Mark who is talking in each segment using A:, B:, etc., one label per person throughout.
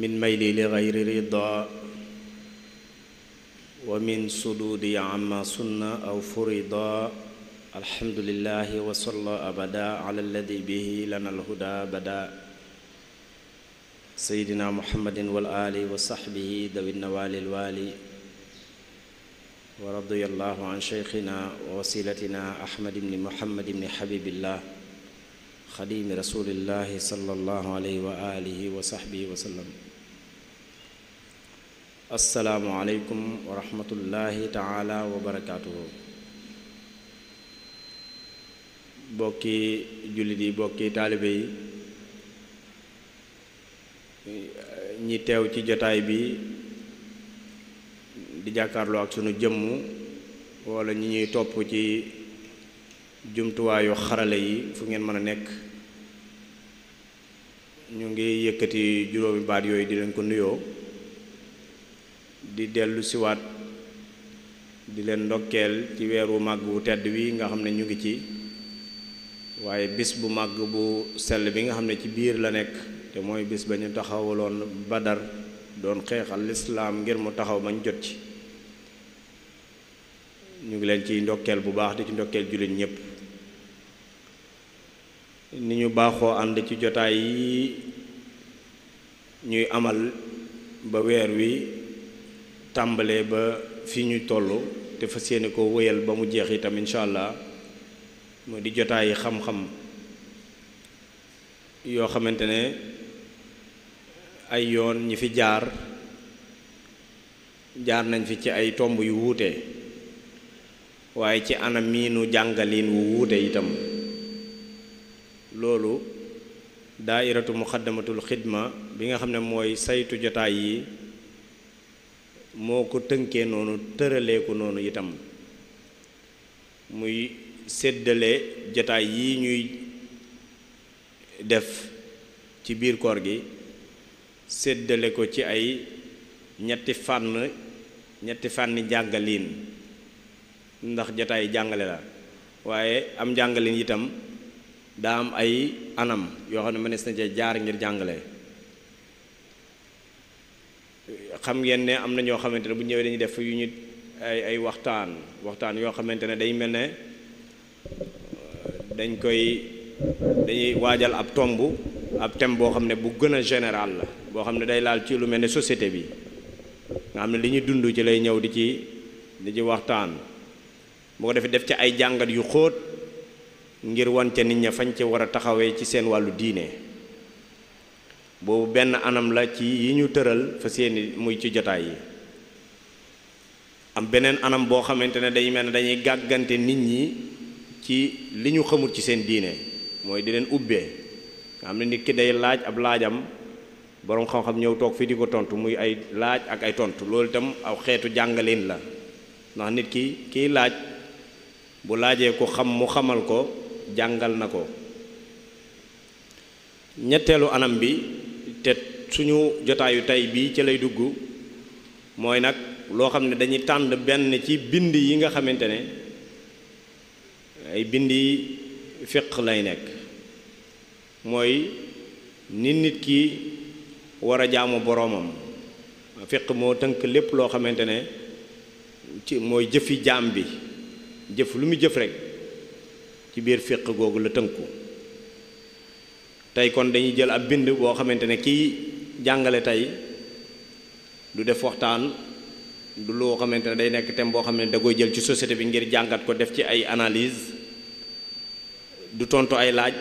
A: من ميلي لغير رضا ومن صدودي عما سنة أو فرضا الحمد لله وصلى أبدا على الذي به لنا الهدى بدا سيدنا محمد والآل وصحبه ذوي النوال الوالي ورضي الله عن شيخنا ووسيلتنا أحمد بن محمد بن حبيب الله خديم رسول الله صلى الله عليه وآله وصحبه وسلم assalamu aleykum wa rahmatullahi taala wa barakatuhu bokki julit yi bokki taalibe yi ñi teew ci jotaay bi di jàkkaarloo ak sunu jëmm wala ñi ñuy topp ci jumtuwaayu xarale yi fu ngeen mën a nekk ñu ngi yëkkati juróomi baat yooyu di leen ko nuyoo di ci wat di len ndokkeel ci wéru màgg wu tedd wi nga xamné ñu ngi ci waye bis bu màgg bu sel bi nga xamné ci biir la nek té moy bis bañu taxawulon badar doon xéxal l'islam ngir mu taxaw bañ jot ci ñu ngi len ci bu baax di ci ndokkeel julit ñepp ni ñu baaxo and ci jotaay yi ñuy amal ba wi tàmbalee ba fi ñu tollu te fas yéene ko wéyal ba mu jeex itam incha allah mu di jotaayi xam-xam yoo xamante ne ay yoon ñi fi jaar jaar nañ fi ci ay tomb yu wuute waaye ci anam miinu jàngalin wu wuute itam loolu daairatu muxaddamatul xidma bi nga xam ne mooy saytu jotaay yi moo ko tënkee noonu tëralee noonu itam muy seddale jataay yi ñuy def ci biir koor gi seddale ko ci ay ñetti fànn ñetti fànni jàngalin ndax jataay jàngale la waaye am jàngalin itam daa am ay anam yoo xam ne mënees na cee jaar ngir jàngale xam ngeen ne am na ñoo xamante ne bu ñëwee dañuy def yu ñu ay waxtaan waxtaan yoo xamante ne day mel ne euh, dañ koy dañuy waajal ab tomb ab thème boo xam ne bu gën a général la boo xam ne day laal ci lu mel ne société bi nga xam ne li ñu dund ci lay ñëw di ci di ci waxtaan boo ko defee def ci ay jàngat yu xóot ngir wan nit ña fañ ci war a taxawee ci seen wàllu diine boobu benn anam la ci yi ñu tëral fa seeni muy ci jotaay yi am beneen anam boo xamante ne day mel ne dañuy gàggante nit ñi ci li ñu xamul ci seen diine mooy di leen ubbee nga xam ne nit ki day laaj ab laajam boroom xam-xam ñëw toog fii di ko tontu muy ay laaj ak ay tontu loolu itam aw xeetu jàngaleen la ndax nit ki kiy laaj bu laajee ko xam mu xamal ko jàngal na ko ñetteelu anam bi te suñu jotaayu tey bii ci lay dugg mooy nag loo xam ne dañuy tànd benn ci bind yi nga xamante ne ay bind yi fiq lay nekk mooy ni nit ki war a jaamu boroomam fiq moo tënk lépp loo xamante ne ci mooy jëfi jaam bi jëf lu muy jëf rekk ci biir fiq googu la tënku tey kon dañuy jël ab bind boo xamante ne kii jàngale tey du def waxtaan du loo xamante ne day nekk thème boo xam ne da koy jël ci société bi ngir jàngat ko def ci ay analyse du tontu ay laaj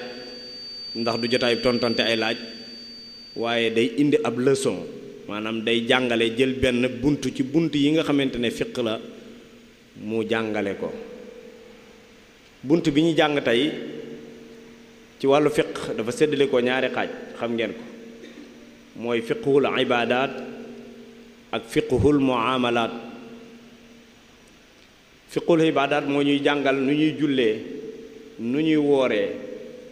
A: ndax du jotaay tontante ay laaj waaye day indi ab lëson maanaam day jàngale jël benn bunt ci bunt yi nga xamante ne fiq la mu jàngale ko bunt bi ñuy jàng tey ci wàllu fiq dafa séddale ko ñaari xaaj xam ngeen ko mooy fiqhul ibaadaat ak fiqhul muamalaat fiqhul ibaadaat moo ñuy jàngal nu ñuy jullee nu ñuy wooree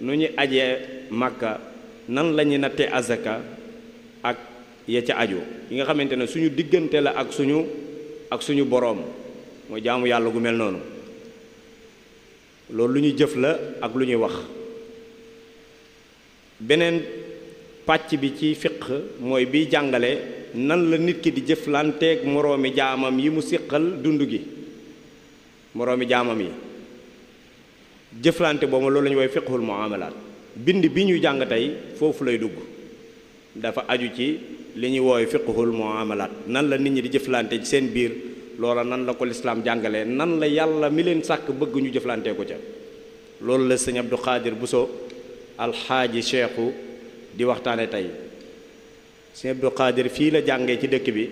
A: nu ñuy ajee màkka nan la ñuy nattee azaka ak ya ca aju yi nga xamante ne suñu diggante la ak suñu ak suñu boroom mooy jaamu yàlla gu mel noonu loolu lu ñuy jëf la ak lu ñuy wax beneen pàcc bi ci fiq mooy biy jàngale nan la nit ki di jëflanteeg moroomi jaamam yi mu siqal dund gi moroomi jaamam yi jëflante boobu loolu lañu ñu woy fiqhul muamalaat bind bi ñuy jàng tey foofu lay dugg dafa aju ci li ñuy wooy fiqhul muamalaat nan la nit ñi di jëflante ci seen biir loola nan la ko lislaam jàngalee nan la yàlla mi leen sàkk bëgguñu ñu ko ca loolu la sëñ Abdou Khadir Bousso haji cheikhu di waxtane tay cheikh Abdou Khadir fi la jangé ci dëkk bi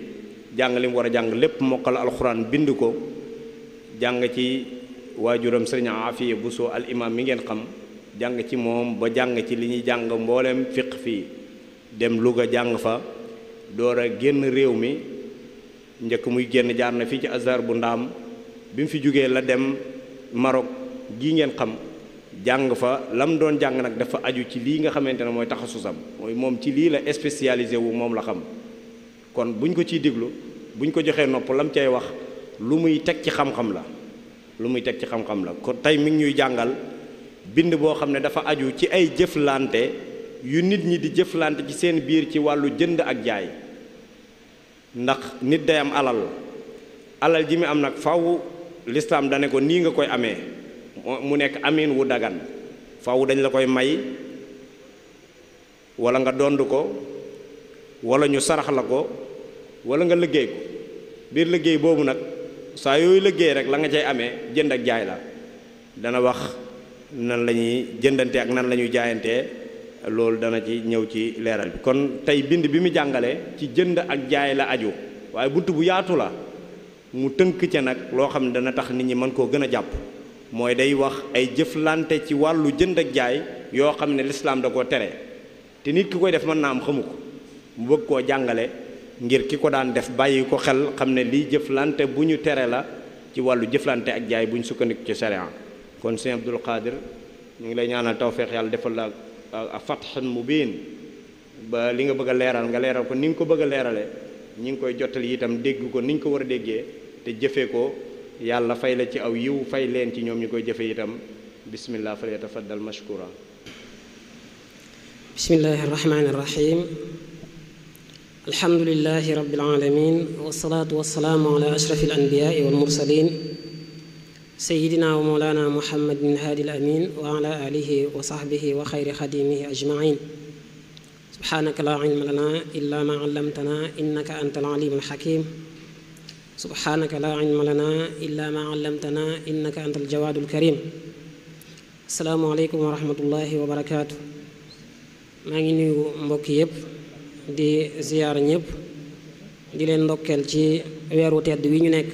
A: jang lim wara jang lepp mokal al qur'an alxuraan bind ko jang ci wajuram serigne Buso al imam mi ngeen xam jang ci mom ba jang ci liñu jang mbollem fiqh fi dem luga jang fa gen genn rew mi ñeek muy genn jaar na fi ci Azhar bu ndam bi fi jógee la dem Maroc gi ngeen xam jàng fa lam doon jàng nag dafa aju ci lii nga xamante ne mooy taxasusam mooy moom ci lii la spécialisé wu moom la xam kon buñ ko ciy déglu buñ ko joxee nopp lam cay wax lu muy teg ci xam-xam la lu muy teg ci xam la kon tey mi ngi ñuy jàngal bind boo xam ne dafa aju ci ay jëflante yu nit ñi di jëflante ci seen biir ci wàllu jënd ak jaay ndax nit day am alal alal ji mi am nag faw lislaam dane ko nii nga koy amee mu nek amin wu dagan faaw dañ la koy may wala nga dondu ko wala ñu sarax la ko wala nga liggey ko bir liggey bobu nak sa yoy liggey rek la nga cey amé jënd ak jaay la dana wax nan lañuy jëndante ak nan lañuy jaayante lool dana ci ñew ci leral bi kon tay bind bi mi jangalé ci jënd ak jaay la aju waye buntu bu yaatu la mu teunk ci nak lo xamne dana tax nit ñi man ko gëna japp mooy day wax ay jëflante ci wàllu jënd ak jaay yoo xam ne lislaam da koo tere te nit ki koy def mën naa am xamu mu bëgg koo jàngale ngir ki ko daan def bàyyi ko xel xam ne lii jëflante bu ñu tere la ci wàllu jëflante ak jaay bu ñu sukkandiku ci sharia kon sëñ Abdul Qadir ñu ngi lay ñaanal tawféex yàlla defal la ak fatxan mubiin ba li nga bëgg a leeral nga leeral ko ni nga ko bëgg a leerale ñu ngi koy jottali itam dégg ko ni ñu ko war a déggee te jëfee ko yalla fay la او يو yiw fay len ci ñom ñukoy jëfé itam bismillah fal yatafaddal
B: بسم الله الرحمن الرحيم
A: الحمد لله رب
B: العالمين والصلاة والسلام على أشرف الأنبياء والمرسلين سيدنا ومولانا محمد بن هادي الأمين وعلى آله وصحبه وخير خديمه أجمعين سبحانك لا علم لنا إلا ما علمتنا إنك أنت العليم الحكيم سبحانك لا علم لنا إلا ما علمتنا إنك أنت الجواد الكريم السلام عليكم ورحمة الله وبركاته maa ngi nuyu mbokk yëpp di ziyaar ñëpp di leen ndokkeel ci weeru tedd wi ñu nekk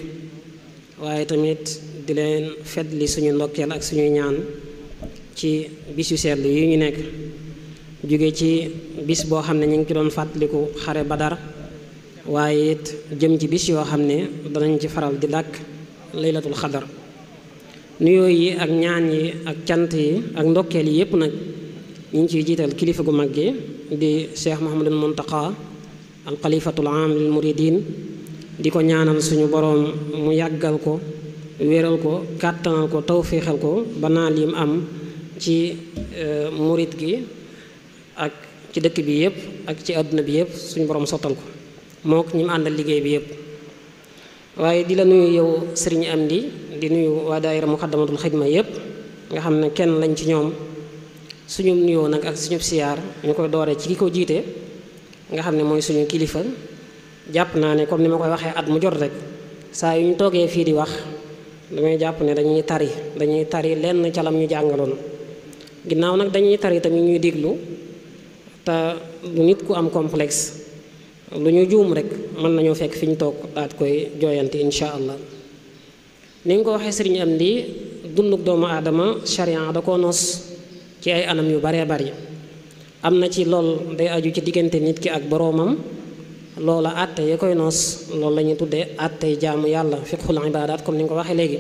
B: waaye tamit di leen fetli suñu ndokkeel ak suñu ñaan ci bisu sell yi ñu nekk jóge ci bis boo xam ne ñu ngi ci doon fàttaliku xare Badar waaye jëm ci bis yoo xam ne danañ ci faral di dàkk laylatul xadar nuyoo yi ak ñaan yi ak cant yi ak ndokkeel yi yëpp nag ñu ciy jiital kilifa gu mag gi di cheikh Mouhamadul Muntaqa al xalifatul aam lil di ko ñaanal suñu boroom mu yàggal ko wéeral ko kàttanal ko tawféexal ko ba naal yim am ci e, murit gi ak ci dëkk bi yëpp ak ci àdduna bi yëpp suñu boroom sottal ko moo ko ñi mu àndal liggéey bi yëpp waaye di la nuyu yow sëriñ Amdi di nuyu waa daayira Muxaddamatul Xidma yëpp nga xam ne kenn lañ ci ñoom suñu nuyoo nag ak suñu siyaar ñu koy dooree ci ki ko jiite nga xam ne mooy suñu kilifa jàpp naa ne comme ni ma koy waxee at mu jot rek saa yu ñu toogee fii di wax damay jàpp ne dañuy tari dañuy tari lenn calam ñu jàngaloon ginnaaw nag dañuy tari tamit ñuy diglu te du nit ku am complex lu ñu juum rek mën nañoo fekk fi ñu toog daat koy jooyanti incha allah ni nga ko waxee sëriñ am di dunduk doomu aadama charia da koo ci ay anam yu baree bari am na ci lool day aju ci diggante nit ki ak boroomam loola àtte ya koy noos loolu lañuy ñuy tuddee àttey jaamu yàlla fiqhul ibaadaat comme ni nga ko waxee léegi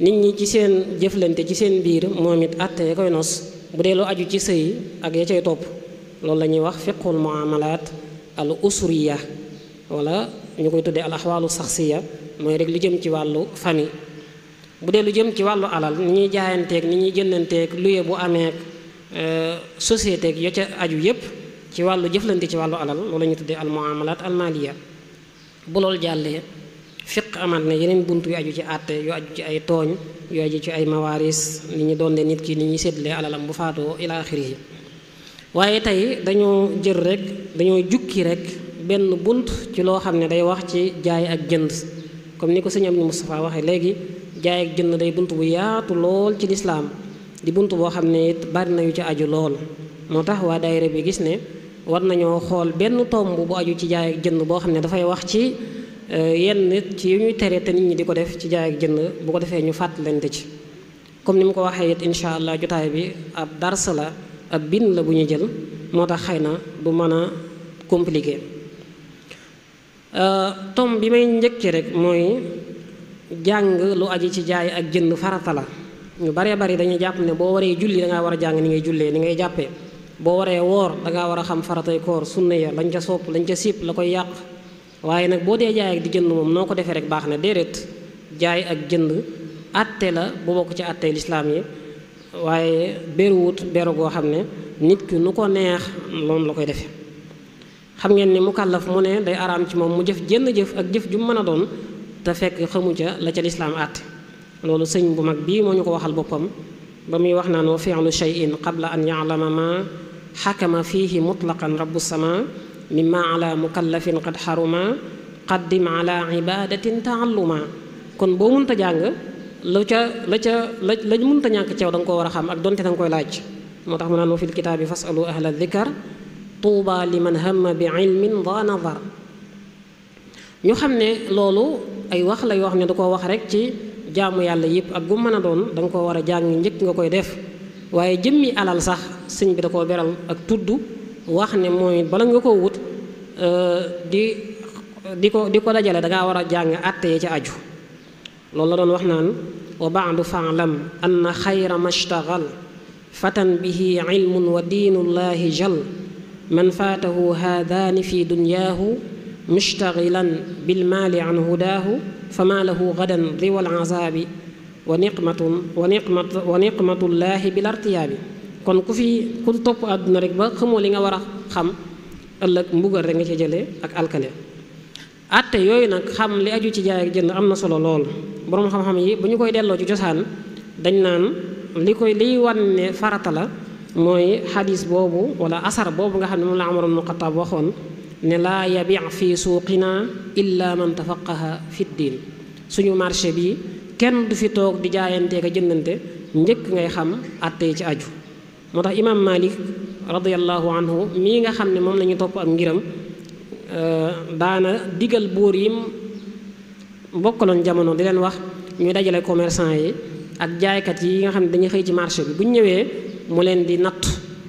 B: nit ñi ci seen jëflante ci seen biir moom it àtte ya koy noos bu dee aju ci sëy ak ya cay topp loolu lañuy ñuy wax fiqhul muamalaat al usuriya wala ñu koy tuddee al axwaalu saxsiya mooy rek lu jëm ci wàllu famille bu dee lu jëm ci wàllu alal ni ñuy jaayanteeg ni ñuy jëndanteeg luye bu amee euh, société ak ya ca aju yépp ci wàllu jëflante ci wàllu alal loolu ñu tuddee al muamalat al maliya bu loolu jàllee fiq amaat na yeneen bunt yu aju ci àtte yu aju ci ay tooñ yu aju ci ay mawaaris ni ñu doon de nit ki ni ñuy séddale alalam bu faatoo ila axiri waaye tey dañoo jër rek dañoo jukki rek benn bunt ci loo xam ne day wax ci jaay ak jënd comme ni ko sëñ Amdi Moustapha waxee léegi jaay ak jënd day bunt bu yaatu lool ci lislaam di bunt boo xam ne it bari nañu ci aju lool moo tax waa daayira bi gis ne war nañoo xool benn tomb bu aju ci jaay jënd boo xam ne dafay wax ci eh, yenn ci yu ñuy tere te nit ñi di ko def ci jaay ak jënd bu ko defee ñu fàttalante ci comme ni mu ko waxee it incha allah jotaay bi ab dars la ab bin la bu ñu jël moo tax xay na du mën a compliqué euh, tom bi may njëkkee rek mooy jàng lu aji ci jaay ak jënd farata la ñu baree bari dañuy jàpp ne boo waree julli da ngaa war a jàng ni ngay jullee ni ngay jàppee boo waree woor da war a xam faratay koor sunna ya lañ ca sopp lañ ca siip la koy yàq waaye nag boo dee jaay ak di jënd moom noo ko defee rek baax na déedéet jaay ak jënd atte la bu bokk ci atte lislaam yi waaye beruwut beru go xamne nit ki nuko neex non la koy def xam ngeen ni mukallaf mu ne day aram ci mom mu jëf jenn jëf ak jëf ju mën a doon te fekk xamu ja la ci l'islam at lolu sëñ bu mag bi moo ñu ko waxal bopam ba muy wax nan wa fi'lu shay'in qabla an ya'lama ma hakama fihi mutlaqan rabbu sama mimma ala mukallafin qad haruma qaddim ala ibadatin taalluma kon bo mu ta jàng lu ca la ca la lañ mënta ñàkk ceew da nga koo war a xam ak donte da koy laaj moo tax mu naan wa fil kitaabi fasalu ahla dikar tuuba liman hamma bi ilmin da nazar ñu xam ne loolu ay wax la yoo xam ne da koo wax rek ci jaamu yàlla yëpp ak gu mën a doon danga nga koo war a jàng njëkk nga koy def waaye jëmmi alal sax sëñ bi da koo beral ak tudd wax ne mooy bala nga ko wut euh, di di ko di ko dajale da ngaa war a jàng àtte ya ca aju loolu la doon wax naan wa baadu faalam anna xayra mashtagal fatan bihi ilmun wa diinullahi jal man faatahu haadaani fi dunyaahu mushtagilan bilmaali an hudaahu fama lahu gadan diwa alazaabi wa niqmatun wa niqmat wa niqmatullaahi bil artiyaabi kon ku fi ku topp àdduna rek ba xamoo li nga war a xam ëllëg mbugal rek nga ci jëlee ak alkane atte yooyu nag xam li aju ci jaay ak jënd am na solo lool boroom xam-xam yi bu ñu koy delloo ci cosaan dañ naan li koy liy wan ne farata la mooy xadis boobu wala asar boobu nga xam ne moom la Umar ibn Xattaab waxoon ne laa yabi fi suuqina illa man tafaqaha fi diin suñu marché bi kenn du fi toog di jaayante ak jëndante njëkk ngay xam atte ci aju moo tax imaam Malik radiyallahu anhu mii nga xam ne moom la ñu topp ak ngiram Euh, daana digal bóor yim bokkaloon jamono di leen wax ñuy dajale commerçant yi ak jaaykat yi nga xam ne dañuy xëy ci marché bi bu ñu ñëwee mu leen di natt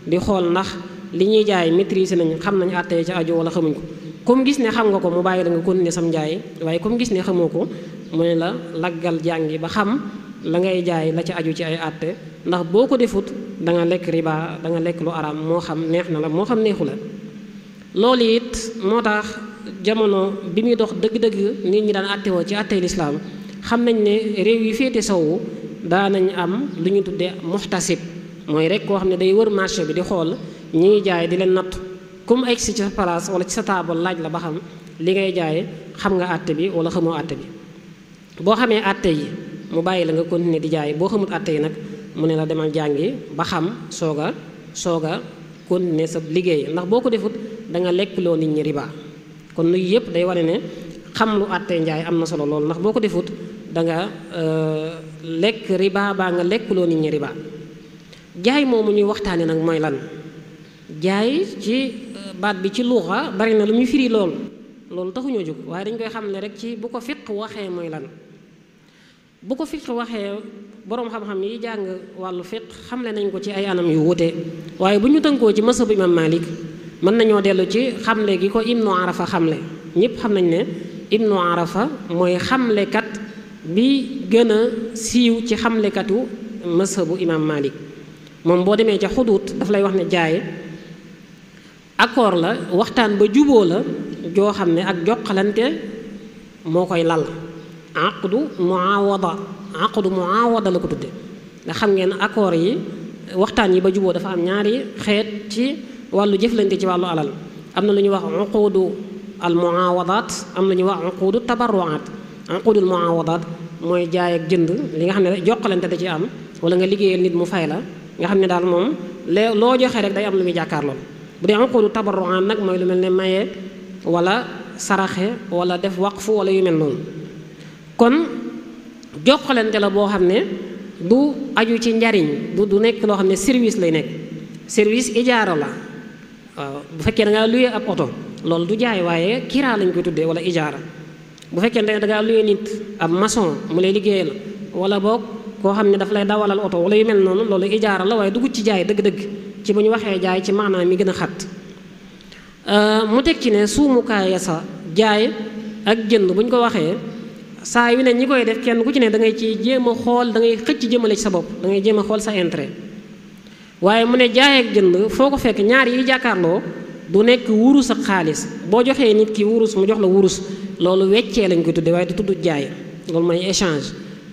B: di xool ndax li ñuy jaay maîtriser nañ xam nañ àttee ci aju wala xamuñ ko comme gis ne xam nga ko mu bàyyi la nga continuer sam jaay waaye comme gis ne xamoo ko mu ne la laggal jàngi ba xam la ngay jaay la ci aju ci ay àtte ndax boo ko defut da nga lekk riba da nga lekk lu araam moo xam neex na la moo xam neexu la loolu it moo tax jamono bi muy dox dëgg-dëgg nit ñi daan àttewoo ci àttey lislaam xam nañ ne réew yi féete sowu daanañ am lu ñu tuddee muxtasib mooy rek koo xam ne day wër marché bi di xool ñi ngi jaay di leen natt comme egsi ci sa place wala ci sa taabal laaj la ba xam li ngay jaay xam nga àtte bi wala xamoo àtte bi boo xamee àtte yi mu bàyyi la nga continuer di jaay boo xamut àtte yi nag mu ne la demal jàngi ba xam soog a soog a kon continuer sa liggéey ndax boo ko defut danga nga lekk loo nit ñi riba kon nuyu yëpp day wane ne xam lu àttee njaay am na solo lool ndax boo ko defut da nga euh, lekk riba baa nga lekk loo nit ñi riba jaay moomu ñuy waxtaane nag mooy lan jaay ci euh, baat bi ci luuxa bari na lu muy firi lool loolu taxuñoo jóg waaye dañ koy xam ne rek ci bu ko fiq waxee mooy lan bu ko fiq waxee boroom xam-xam yi jàng wàllu fiq xamle nañ ko ci ay anam yu wuté waye buñu tanko ci mësabu imam malik man nañu delu ci xamle gi ko ibnu arafa le ñep xam nañ ne ibnu arafa le kat bi gëna siiw ci katu mësabu imam malik mom bo démé ci hudud daf lay wax ne jaay accord la waxtaan ba jubo la jo xamne ak jokalante moo lal عقد معاوضة عقد معاوضة لكتب لخم ين أكوري وقتان يبجوا دفع نياري خيتي والو جفلن تجي والو ألال أمن لن يوا عقود المعاوضات أمن لن يوا عقود التبرعات عقود المعاوضات موي جايك جند لي خن جوقلن تجي أم ولا nga ligéyal nit mu fay la nga xamné dal mom lo joxé rek day am lu muy jakar lool bu dé am ko lu nak moy lu wala saraxé wala def waqfu wala yu mel kon jokkalante la boo xam ne bu aju ci njariñ bu du nekk loo xam ne service lay nekk service ijaara la waaw bu fekkee da ngaa luye ab oto loolu du jaay waaye kiraa lañ koy tuddee wala ijaara bu fekkee ne da ngaa luye nit ab maçon mu lay liggéeyal wala boog koo xam ne daf lay dawalal oto wala yu mel noonu loolu ijaara la waaye dugut ci jaay dëgg-dëgg ci bu ñu waxee jaay ci maanaam mi gën a xat euh, mu teg ci ne suumukaay sa jaay ak jënd bu ñu ko waxee saa yu ne ñi koy def kenn ku ci ne da ngay ci jéem a xool dangay ngay xëcc jëmale ci sa bopp da ngay jéem a xool sa intérêt waaye mu ne jaay ak jënd foo ko fekk ñaar yi jàkkaarloo du nekk wurus ak xaalis boo joxee nit ki wurus mu jox la wurus loolu weccee lañ koy tudde waaye du tuddu jaay loolu mooy échange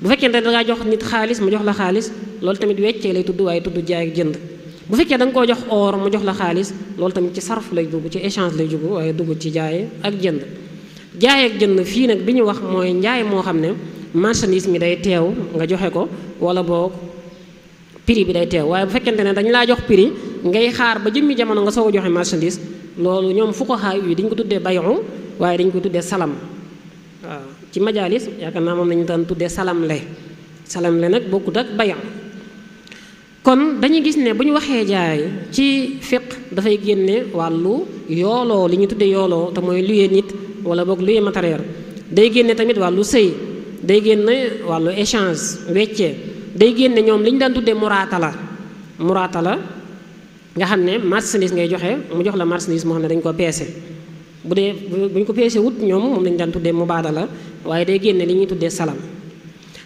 B: bu fekkee ne jox nit xaalis mu jox la xaalis loolu tamit weccee lay tudd waaye tudd jaay jënd bu fekkee da nga koo jox or mu jox la xaalis loolu tamit ci sarf lay dugg ci échange lay dugg waaye duggu ci jaaye ak jënd jaay ak jënd fii nag bi ñu wax mooy njaay moo xam ne marchandise mi day teew nga joxe ko wala boog prix bi day teew waaye bu fekkente ne dañu laa jox piri ngay xaar ba jëmmi jamono nga soog a joxe marchandise loolu ñoom fu ko xaay dañ ko tuddee bayu waaye dañ ko tuddee salam ci majaalis yaakaar naa moom nañu daan tuddee salam le salam le nag bokkut ak bayu kon dañu gis ne bu ñu waxee jaay ci fiq dafay génne wàllu yooloo li ñu tuddee yooloo te mooy luyee nit wala boog luy matériel day génne tamit wàllu sey day génne wàllu échange wecce day génne ñoom li ñu daan tuddee muraata la muraata la nga xam ne marchandise ngay joxe mu jox la marchandise moo xam ne dañ ko peese bu dee bu ñu ko peese wut ñoom moom lañ daan tuddee mubaada la waaye day génne li ñuy tuddee salam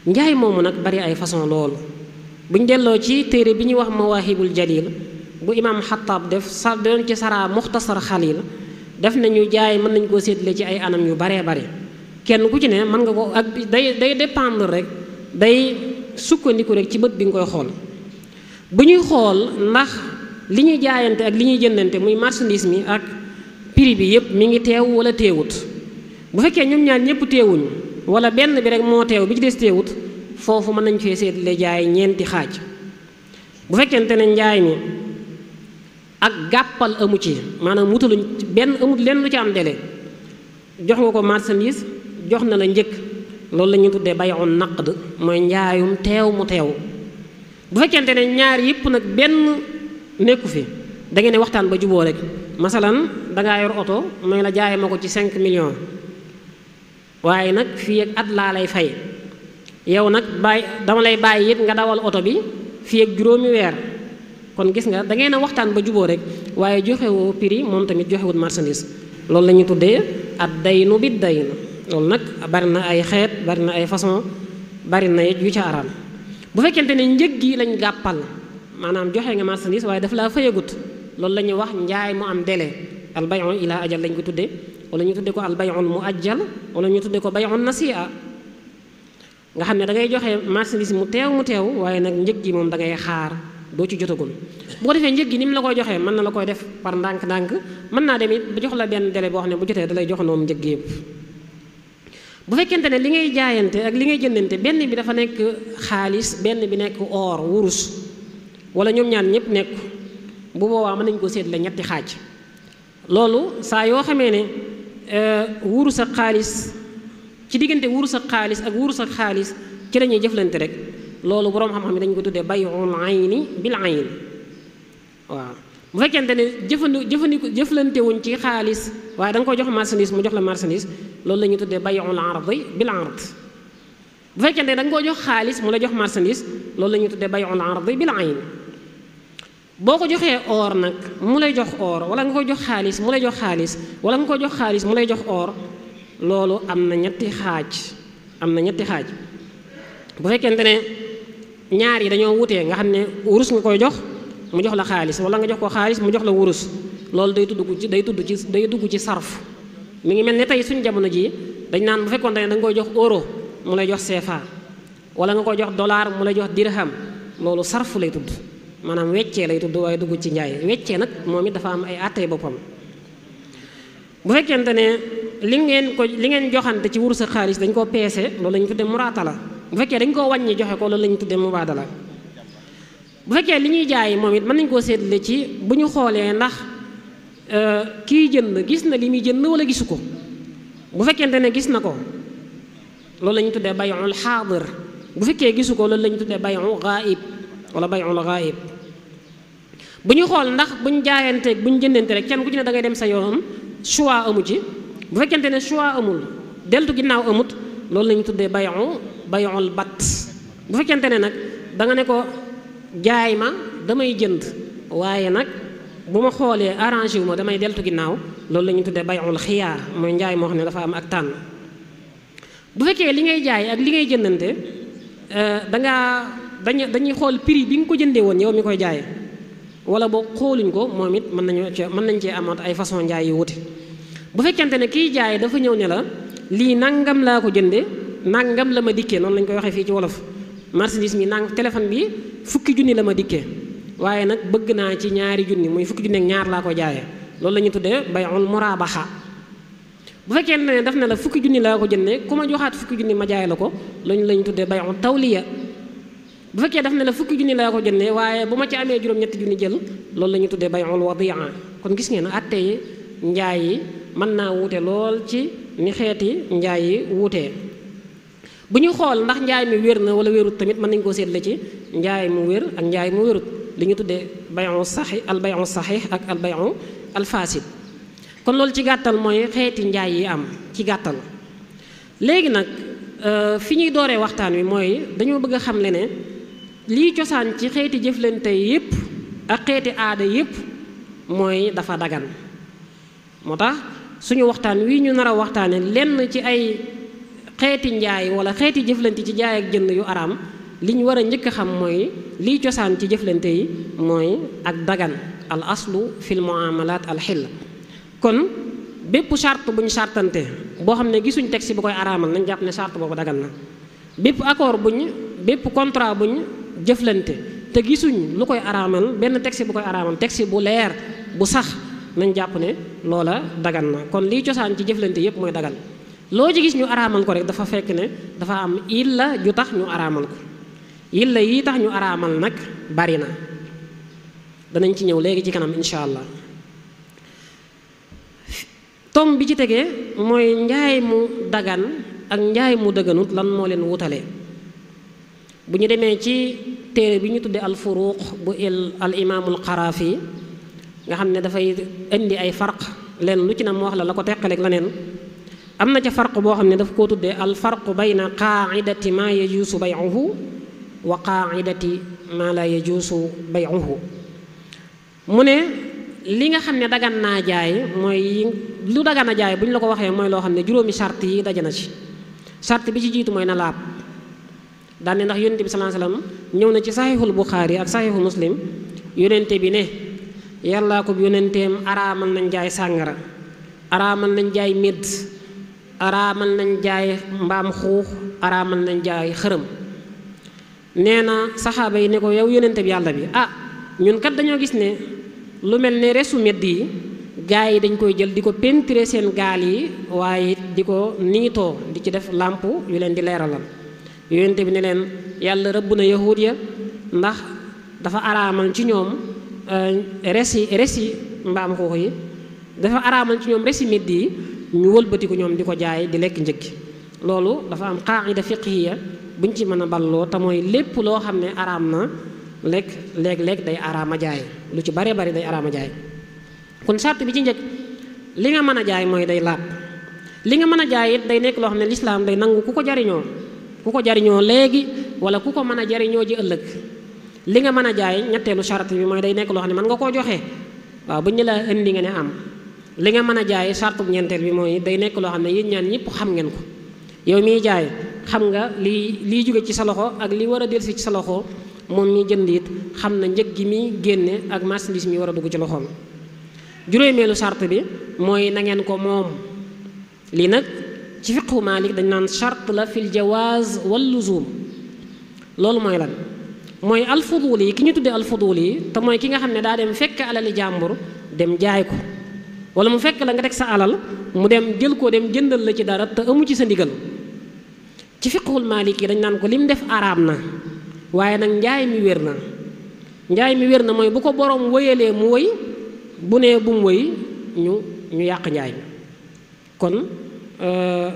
B: njaay moomu nag bari ay façon loolu buñ delloo ci téere bi ñuy wax mawaahibul jalil bu imaam xataab def sa doon ci saraa muxtasar xalil def nañu jaay mën nañ koo séddale ci ay anam yu baree bare kenn ku ci ne mën nga ko ak day day dépendre rek day sukkandiku rek ci bët bi nga koy xool bu ñuy xool ndax li ñuy jaayante ak li ñuy jëndante muy marchandise mi ak prix bi yépp mi ngi teew wala teewut bu fekkee ñoom ñaar ñépp teewuñ wala benn bi rek moo teew bi ci des teewut foofu mën nañ fee seetle jaay ñeenti xaaj bu fekkente ne njaay mi ak gàppal amu yi maanaam wutaluñ benn amut lenn lu ci am délai jox nga ko marchandise jox na la njëkk loolu la ñuy tuddee bayoon naqd mooy njaayum teew mu teew bu fekkente ne ñaar yëpp nag benn nekku fi da ne waxtaan ba juboo rek masalan da yor oto mooy la jaay ko ci 5 millions waaye nag fii ak at laa lay fay yow nag bàyyi dama lay bàyyi it nga dawal oto bi fii ak juróomi weer kon gis nga da ngay na waxtaan ba jubo rek joxe joxewoo prix mom tamit joxewul marchandise loolu lañu tuddé ad daynu bid dayn loolu nak barina ay xeet barina ay façon barina na yu ci aram bu fekkante ni gi lañ maanaam joxe nga marchandise waye daf la fayagut loolu lañu wax njaay mu am délai al bay'u ila ajal lañ ko tuddé wala ñu tuddé ko al bay'u mu ajal wala ñu tuddé ko bayon nasia nga xamne da ngay joxe marchandise mu tew mu tew waye nak njëg gi da ngay xaar doo ci jotagul bu ko defee njëg gi ni mu la koy joxee mën na la koy def par ndànk-ndànk mën naa dem it bu jox la benn délai boo xam ne bu jotee da lay jox noom njëg gi yëpp bu fekkente ne li ngay jaayante ak li ngay jëndante benn bi dafa nekk xaalis benn bi nekk or wurus wala ñoom ñaan ñëpp nekk bu boobaa mën nañ ko seet la ñetti xaaj loolu saa yoo xamee ne euh, wurus ak xaalis ci diggante wurus ak xaalis ak wurus ak xaalis ci lañuy ñuy jëflante rek loolu boroom xam-xam yi dañu ko tuddee bayul ayni bil ayn waaw bu fekkente ne jëfandu jëfandiku jëflante wuñ ci xaalis waaye da nga ko jox marchandise mu jox la marchandise loolu la ñuy tuddee bayul ardi bil ard bu fekkente ne da nga koo jox xaalis mu la jox marchandise loolu la ñuy tuddee bayul ardi bil ayn boo ko joxee or nag mu lay jox or wala nga ko jox xaalis mu lay jox xaalis wala nga jox xaalis mu lay jox or loolu am na ñetti xaaj am na ñetti xaaj bu fekkente ne ñaar yi dañoo wutee nga xam ne wurus nga koy jox mu jox la xaalis wala nga jox ko xaalis mu jox la wurus loolu day tudd ci day tudd ci day dugg ci sarf mi ngi mel ne tey suñu jamono jii dañ naan bu fekkoon ne da nga koy jox euro mu lay jox CFA wala nga koy jox dollar mu lay jox dirham loolu sarfu lay tudd maanaam weccee lay tudd waaye dugg ci njaay weccee nag moom it dafa am ay àttee boppam bu fekkente ne li ngeen ko li ngeen joxante ci wurus ak xaalis dañ koo peese loolu lañu tudde muraatala bu fekkee dañ koo wàññi joxe ko loolu lañ tuddee mubaadala bu fekkee li ñuy jaay moom it mën nañ koo seetle ci bu ñu xoolee ndax euh, kiy jënd gis na li muy jënd wala gisu ko bu fekkente ne gis na ko loolu la ñu tuddee bayul xaadir bu fekkee gisu ko loolu la ñu tuddee bayu gaayib wala bayul gaayib bu ñu xool ndax bu ñu jaayante bu ñu jëndante rek kenn ku ci dangay dem sa yoon choix amu ci bu fekkente ne choix amul deltu ginnaaw amut loolu la ñu tuddee bayon bayon bat bu fekkente ne nag da nga ne ko jaay ma damay jënd waaye nag bu ma xoolee arrangé wu ma damay deltu ginnaaw loolu la ñu tuddee bayonul xiyaar mooy njaay moo xam ne dafa am ak tànn bu fekkee li ngay jaay ak li ngay jëndante euh, da ngaa dañu dañuy xool prix bi nga ko jëndee woon yow mi koy jaay wala boo xooluñ ko moom it mën nañu mën nañ cee amaat ay façon njaay yu wute bu fekkente ne kiy jaay dafa ñëw ne la lii nangam laa ko jënde nangam la ma dikkee noonu lañ koy waxee fii ci wolof marchandise mi nang téléphone bi fukki junni la ma dikkee waaye nag bëgg naa ci ñaari junni muy fukki junni ak ñaar laa ko jaayee loolu la ñuy tuddee bay'ul murabaha bu fekkee ne daf ne la fukki junni laa ko jëndee ku ma joxaat fukki junni ma jaay la ko loolu lañu ñu tuddee bay'u tawliya bu fekkee daf na la fukki junni laa ko jëndee waaye bu ma ci amee juróom-ñetti junni jël loolu la ñu tuddee bay'ul wadi'a kon gis ngeen ne atte yi njaay yi mën naa wuute lool ci ni xeeti njaay yi wuutee bu ñu xool ndax njaay mi wér na wala wérut tamit mën nañ koo seetle ci njaay mu wér ak njaay mu wérut li ñu tuddee bayon saxi al albayon saxih ak al bayon kon loolu ci gàttal mooy xeeti njaay yi am ci gàttal léegi nag euh, fi ñuy dooree waxtaan wi mooy dañoo bëgg a xam le ne lii cosaan ci xeeti jëflante yépp ak xeeti aada yépp mooy dafa dagan moo tax suñu waxtaan wi ñu nar a waxtaane lenn ci ay xeeti njaay wala xeeti jëflante ci jaay ak jënd yu araam li ñu war a njëkk a xam mooy liy cosaan ci jëflante yi mooy ak dagan al aslu fil muamalat al xill kon bépp charte bu ñu chartante boo xam ne gisuñ texte bu koy araamal nañ jàpp ne charte boobu dagan na bépp accord bu ñu bépp contrat bu ñu jëflante te gisuñ lu koy araamal benn texte bu koy araamal texte bu leer bu sax nañ japp ne lola dagan na kon li ciosan ci jëflante yépp moy dagan lo ci gis ñu araamal ko rek dafa fekk ne dafa am illa ju tax ñu araamal ko illa yi tax ñu araamal nak bari na danañ ci ñew legi ci kanam inshallah tom bi ci tege moy njaay mu dagan ak njaay mu deganut lan mo len wutale bu ñu ci bi ñu tuddé al furuq bu al al qarafi nga xam ne dafay indi ay farq leen lu ci na mu wax la la ko teqaleeg la neen am na ca farq boo xam ne daf koo tuddee al farqu bayna qaaidati maa yajuusu bayuhu wa qaaidati maa la yajuusu bayuhu mu ne li nga xam ne dagan naa jaay mooy lu dagan a jaay bu ñu la ko waxee mooy loo xam ne juróomi sart yi daje na ci sart bi ci jiitu mooy na laab daane ndax yonente bi salaa salaam ñëw na ci saxiixul buxaari ak saxiixu muslim yonente bi ne yàllaa ko yonenteem araamal nañ jaay sàngara araamal nañ jaay médd araamal nañ jaay mbaam xuux araamal nañ jaay xërëm nee na saxaaba yi ne ko yow yonente bi yàlla bi ah ñun kat dañoo gis ne lu mel ne resu médd yi gaay yi dañ koy jël di ko peinturer seen gaal yi waaye di ko niitoo di ci def làmp yu leen di leeralal yonente bi ne leen yàlla rëbb na yahuud ya ndax dafa araamal ci ñoom res resi res mbaam xuux yi dafa araamal ci ñoom resi medd yi ñu wëlbatiku ñoom di ko jaay di lekk njëg loolu dafa am qaida fiqhiya buñ ci mën a balloo te mooy lépp loo xam ne araam na lekk léeg-léeg day araama jaay lu ci bare bari day araama jaay kon sart bi ci njëkk li nga mën a jaay mooy day laab li nga mën a jaay it day nekk loo xam ne lislaam day nangu ku ko jariñoo ku ko jariñoo léegi wala ku ko mën a jariñoo ji ëllëg li nga mën a jaay ñetteelu charte bi mooy day nekk loo xam ne mën nga koo joxe waaw bu ñu la indi nga ne am li nga mën a jaay charte bu ñeenteel bi mooy day nekk loo xam ne yéen ñaan ñëpp xam ngeen ko yow miy jaay xam nga li liy jóge ci sa loxo ak li war a delsi ci sa loxo moom mi jënd it xam na njëg gi mi génne ak marchandise mi war a dugg ci loxoom juróomeelu charte bi mooy na ngeen ko moom lii nag ci fiqhu Maalik dañ naan charte la fil jawaaz wal luzum loolu mooy lan moy al fuduli ki ñu tuddé al fuduli ta moy ki nga xamné da dem fekk alali jàmbur dem jaay ko wala mu fekk la nga tek sa alal mu dem jël ko dem jëndal la ci dara ta amu ci sa ndigal ci fiqhul malik dañ nan ko lim def arab na waye nak njaay mi werna njaay mi werna moy bu ko borom woyele mu woy bu ne bu mu woy ñu ñu yaq njaay mi kon euh,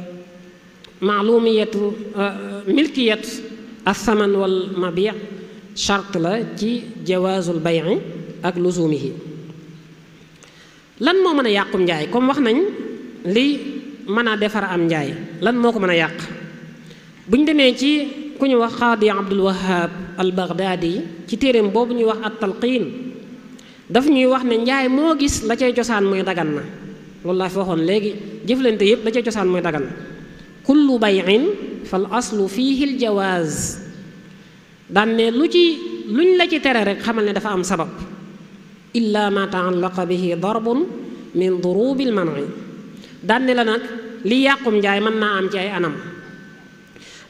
B: maalumiyatu euh, milkiyat asaman wal mabi' شرط لا تي جواز البيع اك لزومه لن مو من ياقم جاي كوم واخ نان لي مانا ديفار ام جاي لان موكو من ياق بون ديمي تي كن واخ خادي عبد الوهاب البغدادي كتير تيرم بوب ني التلقين داف ني واخ جاي موجس غيس لا تي جوسان موي دغان لول لا فخون لغي جيفلنت لا تي جوسان موي دغان كل بيع فالاصل فيه الجواز daan lu ci luñ la ci tere rek xamal ne dafa am sabab illa ma bi bihi darbun min durubil man'i daan la nag li yàqum njaay mën naa am ci ay anam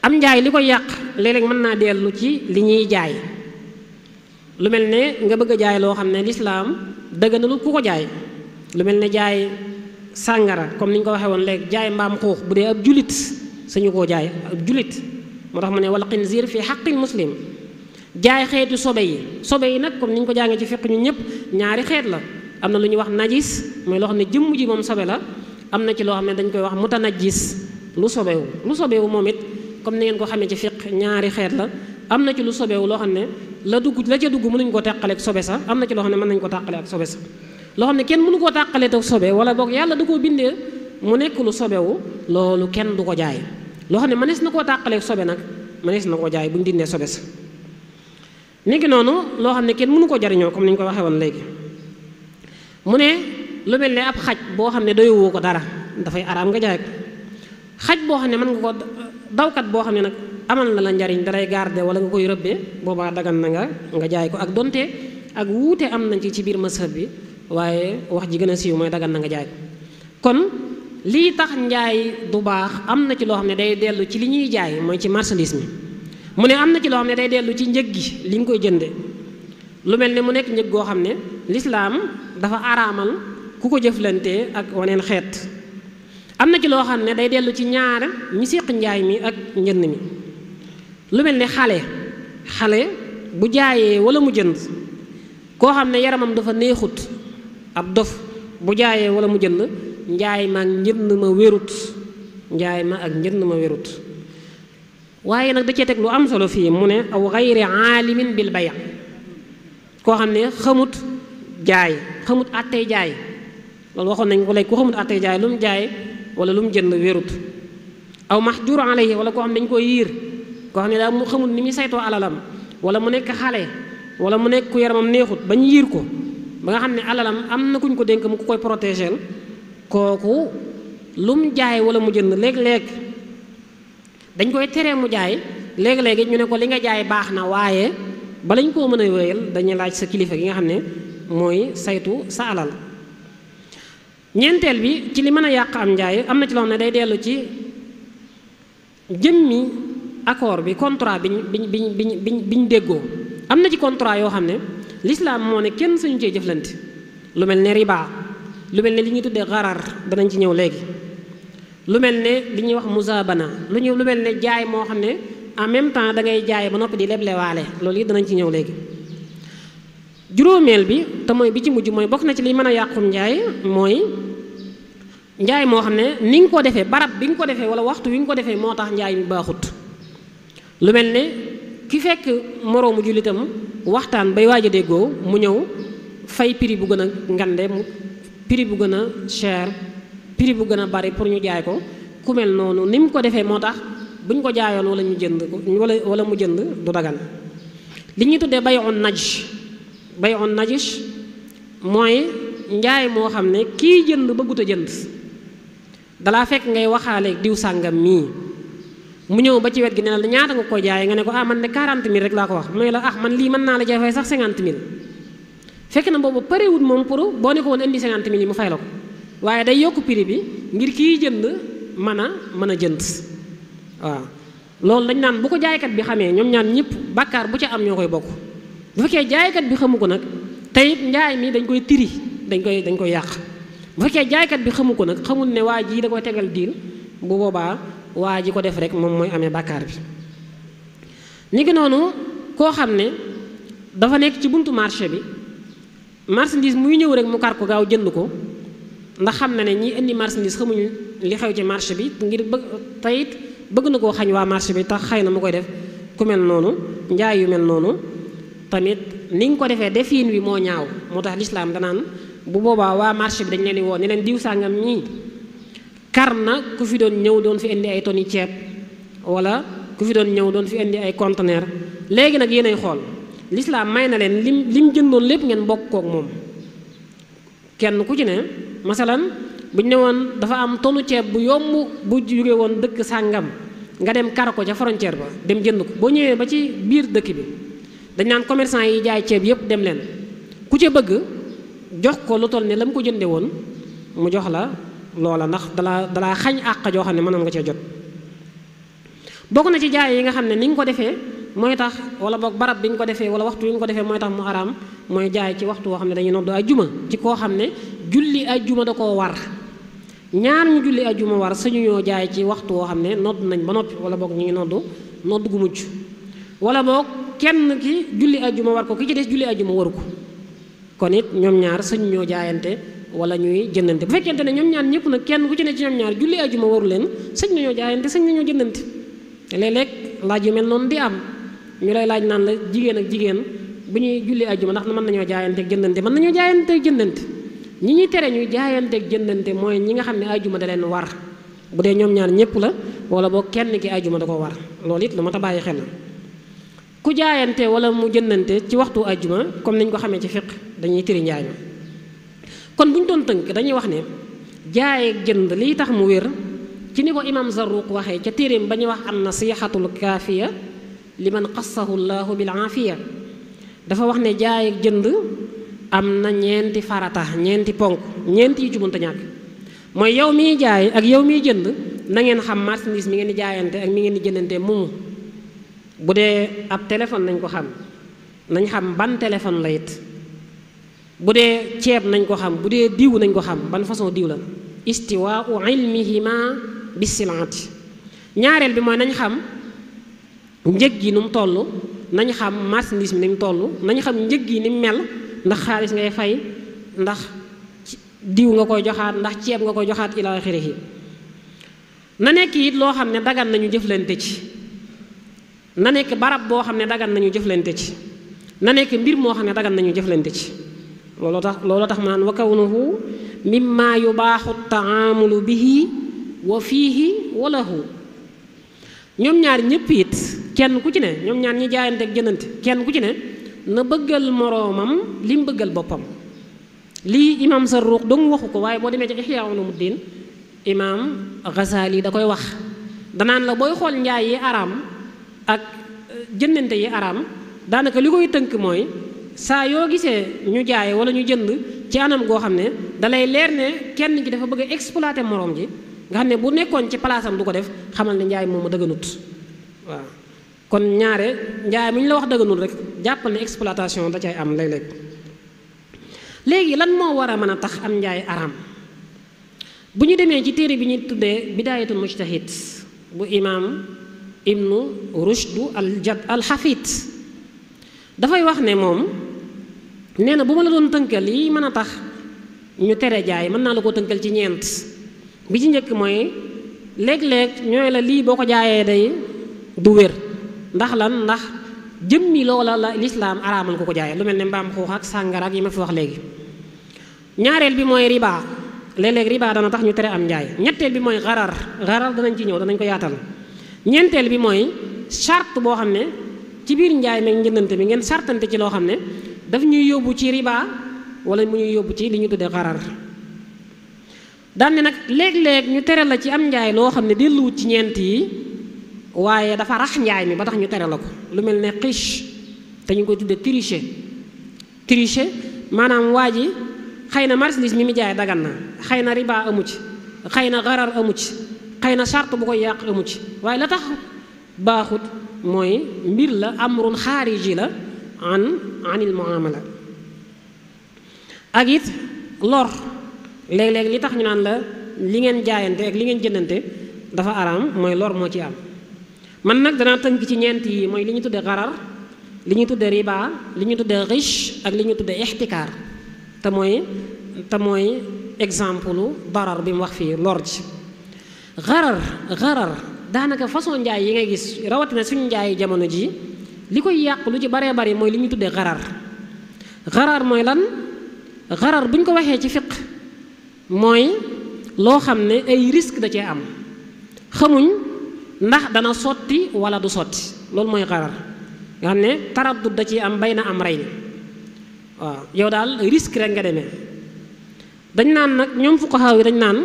B: am njaay li ko yàq léeg mën naa dellu ci li ñuy jaay lu mel ne nga bëgg a jaay loo xam ne lislaam dëgganalu ku ko jaay lu mel ne jaay sàngara comme ni ñu ko waxee woon léegi jaay mbaam xuux bu dee ab julit sañu koo jaay ab julit مرحبا من والقنزير في حق المسلم جاي خيط صبي صبي نكم نكو جاي في فقه نيب نياري خيط لا امنا لو نيوخ نجيس مي لو خني جيم جي موم صبي لا امنا سي لو خني دنجكو واخ متنجيس لو صبي لو صبي موميت كوم نين كو خامي في فقه خيط لا امنا سي لو صبي لو خني لا دوغ لا جا دوغ مون نكو صبي سا امنا سي لو خني من نكو صبي سا لو خني كين مون نكو تاخالي صبي ولا بوك يالا دوكو بيندي مو نيكو لو صبي لو لو كين دوكو جاي loo xam ne mënees na koo tàqaleeg sobe nag mënees na koo jaay bu ñu dindee sobe sa niki noonu loo xam ne kenn mënu ko jariñoo comme ni ñu ko waxee woon léegi mu ne lu mel ne ab xaj boo xam ne doyowoo ko dara dafay araam nga jaay ko xaj boo xam ne mën nga ko dawkat boo xam ne nag amal na la njariñ dalay garder wala nga koy rëbbee boobaa dagan na nga nga jaay ko ak donte ak wuute am nañ ci ci biir masab bi waaye wax ji gën a siiw mooy dagan na nga jaay ko lii tax njaay du baax am na ci loo xam ne day dellu ci li ñuy jaay mooy ci marchandise mi mu ne am na ci loo xam ne day dellu ci njëg gi li nga koy jënde lu mel ne mu nekk njëg goo xam ne lislaam dafa araamal ku ko jëflantee ak waneen xeet am na ci loo xam ne day dellu ci ñaar ñi séq njaay mi ak njënd mi lu mel ne xale xale bu jaayee wala mu jënd koo xam ne yaramam dafa neexut ab dof bu jaayee wala mu jënd njaay ma ak njënd ma wérut njaay ma ak njënd ma wérut waaye nag da cee teg lu am solo fii mu ne aw xayri aalimin bil bay koo xam ne xamut jaay xamut àttee jaay loolu waxoon nañ ko léegi ku xamut àttee jaay lu jaay wala lu jënd wérut aw mahjur alayhi wala koo xam dañ ko yiir koo xam ne mu xamut ni muy saytoo alalam wala mu nekk xale wala mu nekk ku yaramam neexut bañ yiir ko ba nga xam alalam am na kuñ ko dénk mu ko koy protégeel kooku lu mu jaay wala mu jënd léeg-léeg dañ koy teree mu jaay léeg-léeg ñu ne ko li nga jaay baax na waaye balañ koo mën a wéyal dañuy laaj sa kilifa gi nga xam ne mooy saytu sa alal ñeenteel bi ci li mën a yàq am njaay am na ci loo xam ne day dellu ci jëmmi accord bi contrat bi biñ biñ biñ biñ déggoo am na ci contrat yoo xam ne lislaam moo ne kenn sañu cee jëflante lu mel ne riba lu mel ne li ñuy tuddee xarar danañ ci ñëw léegi lu mel ne li ñuy wax musaabana lu ñu lu mel ne jaay moo xam ne en même temps da ngay jaay ba noppi di leblewaale loolu yi danañ ci ñëw léegi juróomeel bi te mooy bi ci mujj mooy bokk na ci liy mën a yàqum njaay mooy njaay moo xam ne ni nga ko defee barab bi nga ko defee wala waxtu wi nga ko defee moo tax njaay mi baaxut lu mel ne ki fekk moroomu jullitam waxtaan bay waaj a déggoo mu ñëw fay prix bu gën a ngande prix bu gën a cher prix bu gën a bari pour ñu jaay ko ku mel noonu ni mu ko defee moo tax bu ñu ko jaayoon wala ñu jënd wala wala mu jënd du dagan li ñu tuddee bay on naj bay on najis mooy njaay moo xam ne kii jënd bëggut a jënd dalaa fekk ngay waxaale diw sàngam mii mu ñëw ba ci wet gi ne la ñaata nga ko jaayee nga ne ko ah man de 40 000 rek laa ko wax mu ne la ah man lii mën naa la jaay sax 50 000 fekk na boobu parewut moom pour boo ne ko woon indi cinquante mille yi mu fay la ko waaye day yokk prix bi ngir kii jënd mën a mën a jënd waaw loolu dañ naan bu ko jaaykat bi xamee ñoom ñaan ñëpp bàkkaar bu ca am ñoo koy bokk bu jaaykat bi xamu ko nag tey njaay mi dañ koy tiri dañ koy dañ koy yàq bu fekkee jaaykat bi xamu ko nag xamul ne waa ji da koy tegal diir bu boobaa waa ji ko def rek moom mooy amee bàkkaar bi ni ngi koo xam ne dafa nekk ci buntu marché bi marchandise muy ñëw rek mu kar ko gaaw jënd ko ndax xam na ne ñi indi marchandise xamuñu li xew ci marché bi ngir bëgg tayit bëgg na koo xañ waa marché bi tax xay na mu koy def ku mel noonu njaay yu mel noonu tamit ni nga ko defee defin wi moo ñaaw moo tax lislaam danaan bu boobaa waa marché bi dañ leen di woo ne leen diw sàngam ñii kar na ku fi doon ñëw doon fi indi ay toni ceeb wala ku fi doon ñëw doon fi indi ay conteneur léegi nag yéenay xool lislaam may na leen lim lim jëndoon lépp ngeen bokk kook moom kenn ku ci ne masalan bu ñu ne woon dafa am tonu ceeb bu yomb bu jóge woon dëkk sàngam nga dem kar ko ca frontière ba dem jënd ko boo ñëwee ba ci biir dëkk bi dañ naan commerçant yi jaay ceeb yépp dem leen ku ca bëgg jox ko lu toll ne la mu ko jënde woon mu jox la loola ndax dalaa dalaa xañ àq joo xam ne mënoon nga cee jot bokk na ci jaay yi nga xam ne ni nga ko defee mooy tax wala boog barab bi ñu ko defee wala waxtu yu ñu ko defee mooy tax mu araam mooy jaay ci waxtu woo xam ne dañuy noddu ajjuma ci koo xam ne julli ajjuma da koo war ñaar ñu julli ajjuma war suñu ñoo jaay ci waxtu woo xam ne nodd nañ ba noppi wala boog ñu ngi noddu nodd gu mujj wala boog kenn ki julli ajjuma war ko ki ci des julli ajjuma waru ko kon it ñoom ñaar sëñ ñoo jaayante wala ñuy jëndante bu fekkente ne ñoom ñaar ñëpp nag kenn ku ci ne ci ñoom ñaar julli ajjuma waru leen sëñ nañoo jaayante sëñ nañoo jëndante léeg-léeg laaj yu mel noonu di am ñu lay laaj naan la jigéen ak jigéen bu ñuy julli aljuma ndax mën nañoo ak jëndante mën nañoo ak jëndante ñi ñuy tere ñuy ak jëndante mooy ñi nga xam ne aljuma da leen war bu dee ñoom ñaar ñëpp la wala boo kenn ki aljuma da ko war loolu it lu ma ta bàyyi xel ku jaayante wala mu jëndante ci waxtu aljuma comme niñ ko xamee ci fiq dañuy tiri njaay ma kon buñ doon tënk dañuy wax ne jaay ak jënd liy tax mu wér ci ni ko imam zaruq waxee ca téeréem ba ñuy wax an nasihatul kafiya liman qassahu llahu bil aafiya dafa wax ne jaay ak jënd am na ñeenti farata ñeenti ponk ñeenti yu ci mënta ñàkk mooy yow miy jaay ak yow miy jënd na ngeen xam marchandise mi ngeen di jaayante ak mi ngeen di jëndante moomu bu dee ab téléphone nañ ko xam nañ xam ban téléphone la it bu dee ceeb nañ ko xam bu dee diw nañ ko xam ban façon diw la istiwaau ilmihima bisilaati ñaareel bi mooy nañ xam njëg gi nu mu toll nañ xam marchandise mi ni mu toll nañ xam njëg yi ni mu mel ndax xaalis ngay fay ndax diw nga koy joxaat ndax ceeb nga koy joxaat ila axirihi na nekk it loo xam ne dagan nañu jëflante ci na nekk barab boo xam ne dagan nañu jëflante ci na nekk mbir moo xam ne dagan nañu jëflante ci looloo tax looloo tax ma naan wa kawnuhu mimma yubaaxu taamulu bihi wa fiihi ñoom ñaar ñëpp it kenn ku ci ne ñoom ñaan ñi jaayante ak jënante kenn ku ci ne na bëggal moroomam li mu bëggal boppam lii imaam sa ruux dong waxu ko waaye boo demee ci Ihya Ulumuddin imaam Ghazali da koy wax danaan la booy xool njaay yi araam ak euh, jëndante yi araam daanaka li koy tënk mooy saa yoo gisee ñu jaay wala ñu jënd ci anam goo xam ne dalay leer ne kenn gi dafa bëgg a moroom ji nga xam ne bu nekkoon ci palaasam du ko def xamal ne njaay moomu dëgganut waaw kon ñaare njaay mi ñu la wax dëgganul rek jàppal ne exploitation da cay am léeg-léeg léegi lan moo war a mën a tax am njaay araam bu ñu demee ci téere bi ñu tuddee bidaayatul mujtahid bu imaam ibnu rushdu al jad al xafit dafay wax ne moom nee na bu ma la doon tënkal yi mën a tax ñu tere jaay mën naa la ko tënkal ci ñeent bi ci njëkk mooy léeg-léeg ñooy la lii boo ko jaayee day bu wér ndax lan ndax jëmmi loola la lislaam araamal ko ko jaayee lu mel ne mbaam xuux ak sàngara ak yi ma fi wax léegi ñaareel bi mooy riba léeg-léeg riba dana tax ñu tere am njaay ñetteel bi mooy xarar xarar danañ ci ñëw danañ ko yaatal ñeenteel bi mooy charte boo xam ne ci biir njaay meeg njëndante bi ngeen sartante ci loo xam ne dafa ñuy yóbbu ci riba wala mu ñuy yóbbu ci li ñu tuddee xarar daan nag léeg-léeg ñu tere la ci am njaay loo xam ne delluwut ci ñeent yi waye dafa rax njaay mi ba tax ñu tere lako lu mel ne te ñu koy tudde tricher tricher manam waji xeyna marsnis mi mi jaay dagan na xëy riba amu ci xeyna gharar amu ci xeyna na charte bu koy yàq amu ci waye la tax baxut moy mbir la amrun xaariji la an anil muamala agit lor leg leg li tax ñu nan la li ngeen jaayante ak li ngeen jëndante dafa aram moy lor mo ci am man nag danaa tënk ci ñeent yi mooy li ñu tuddee xarar li ñu tudde riba li ñu tuddee riche ak li ñu tuddee ixtikaar te mooy te mooy exemple barar bi mu wax fii lor ji xarar xarar daanaka façon njaay yi ngay gis rawatina suñu njaayu jamono ji li koy yàq lu ci baree bari mooy li ñu tuddee xarar xarar mooy lan xarar bu ñu ko waxee ci fiq mooy loo xam ne ay risque da cee am xamuñ ndax dana sotti wala du sotti loolu mooy xarar nga xam ne taraddud da ciy am na am rey ni waaw yow daal risque rek nga demee dañ naan nag ñoom dañ naan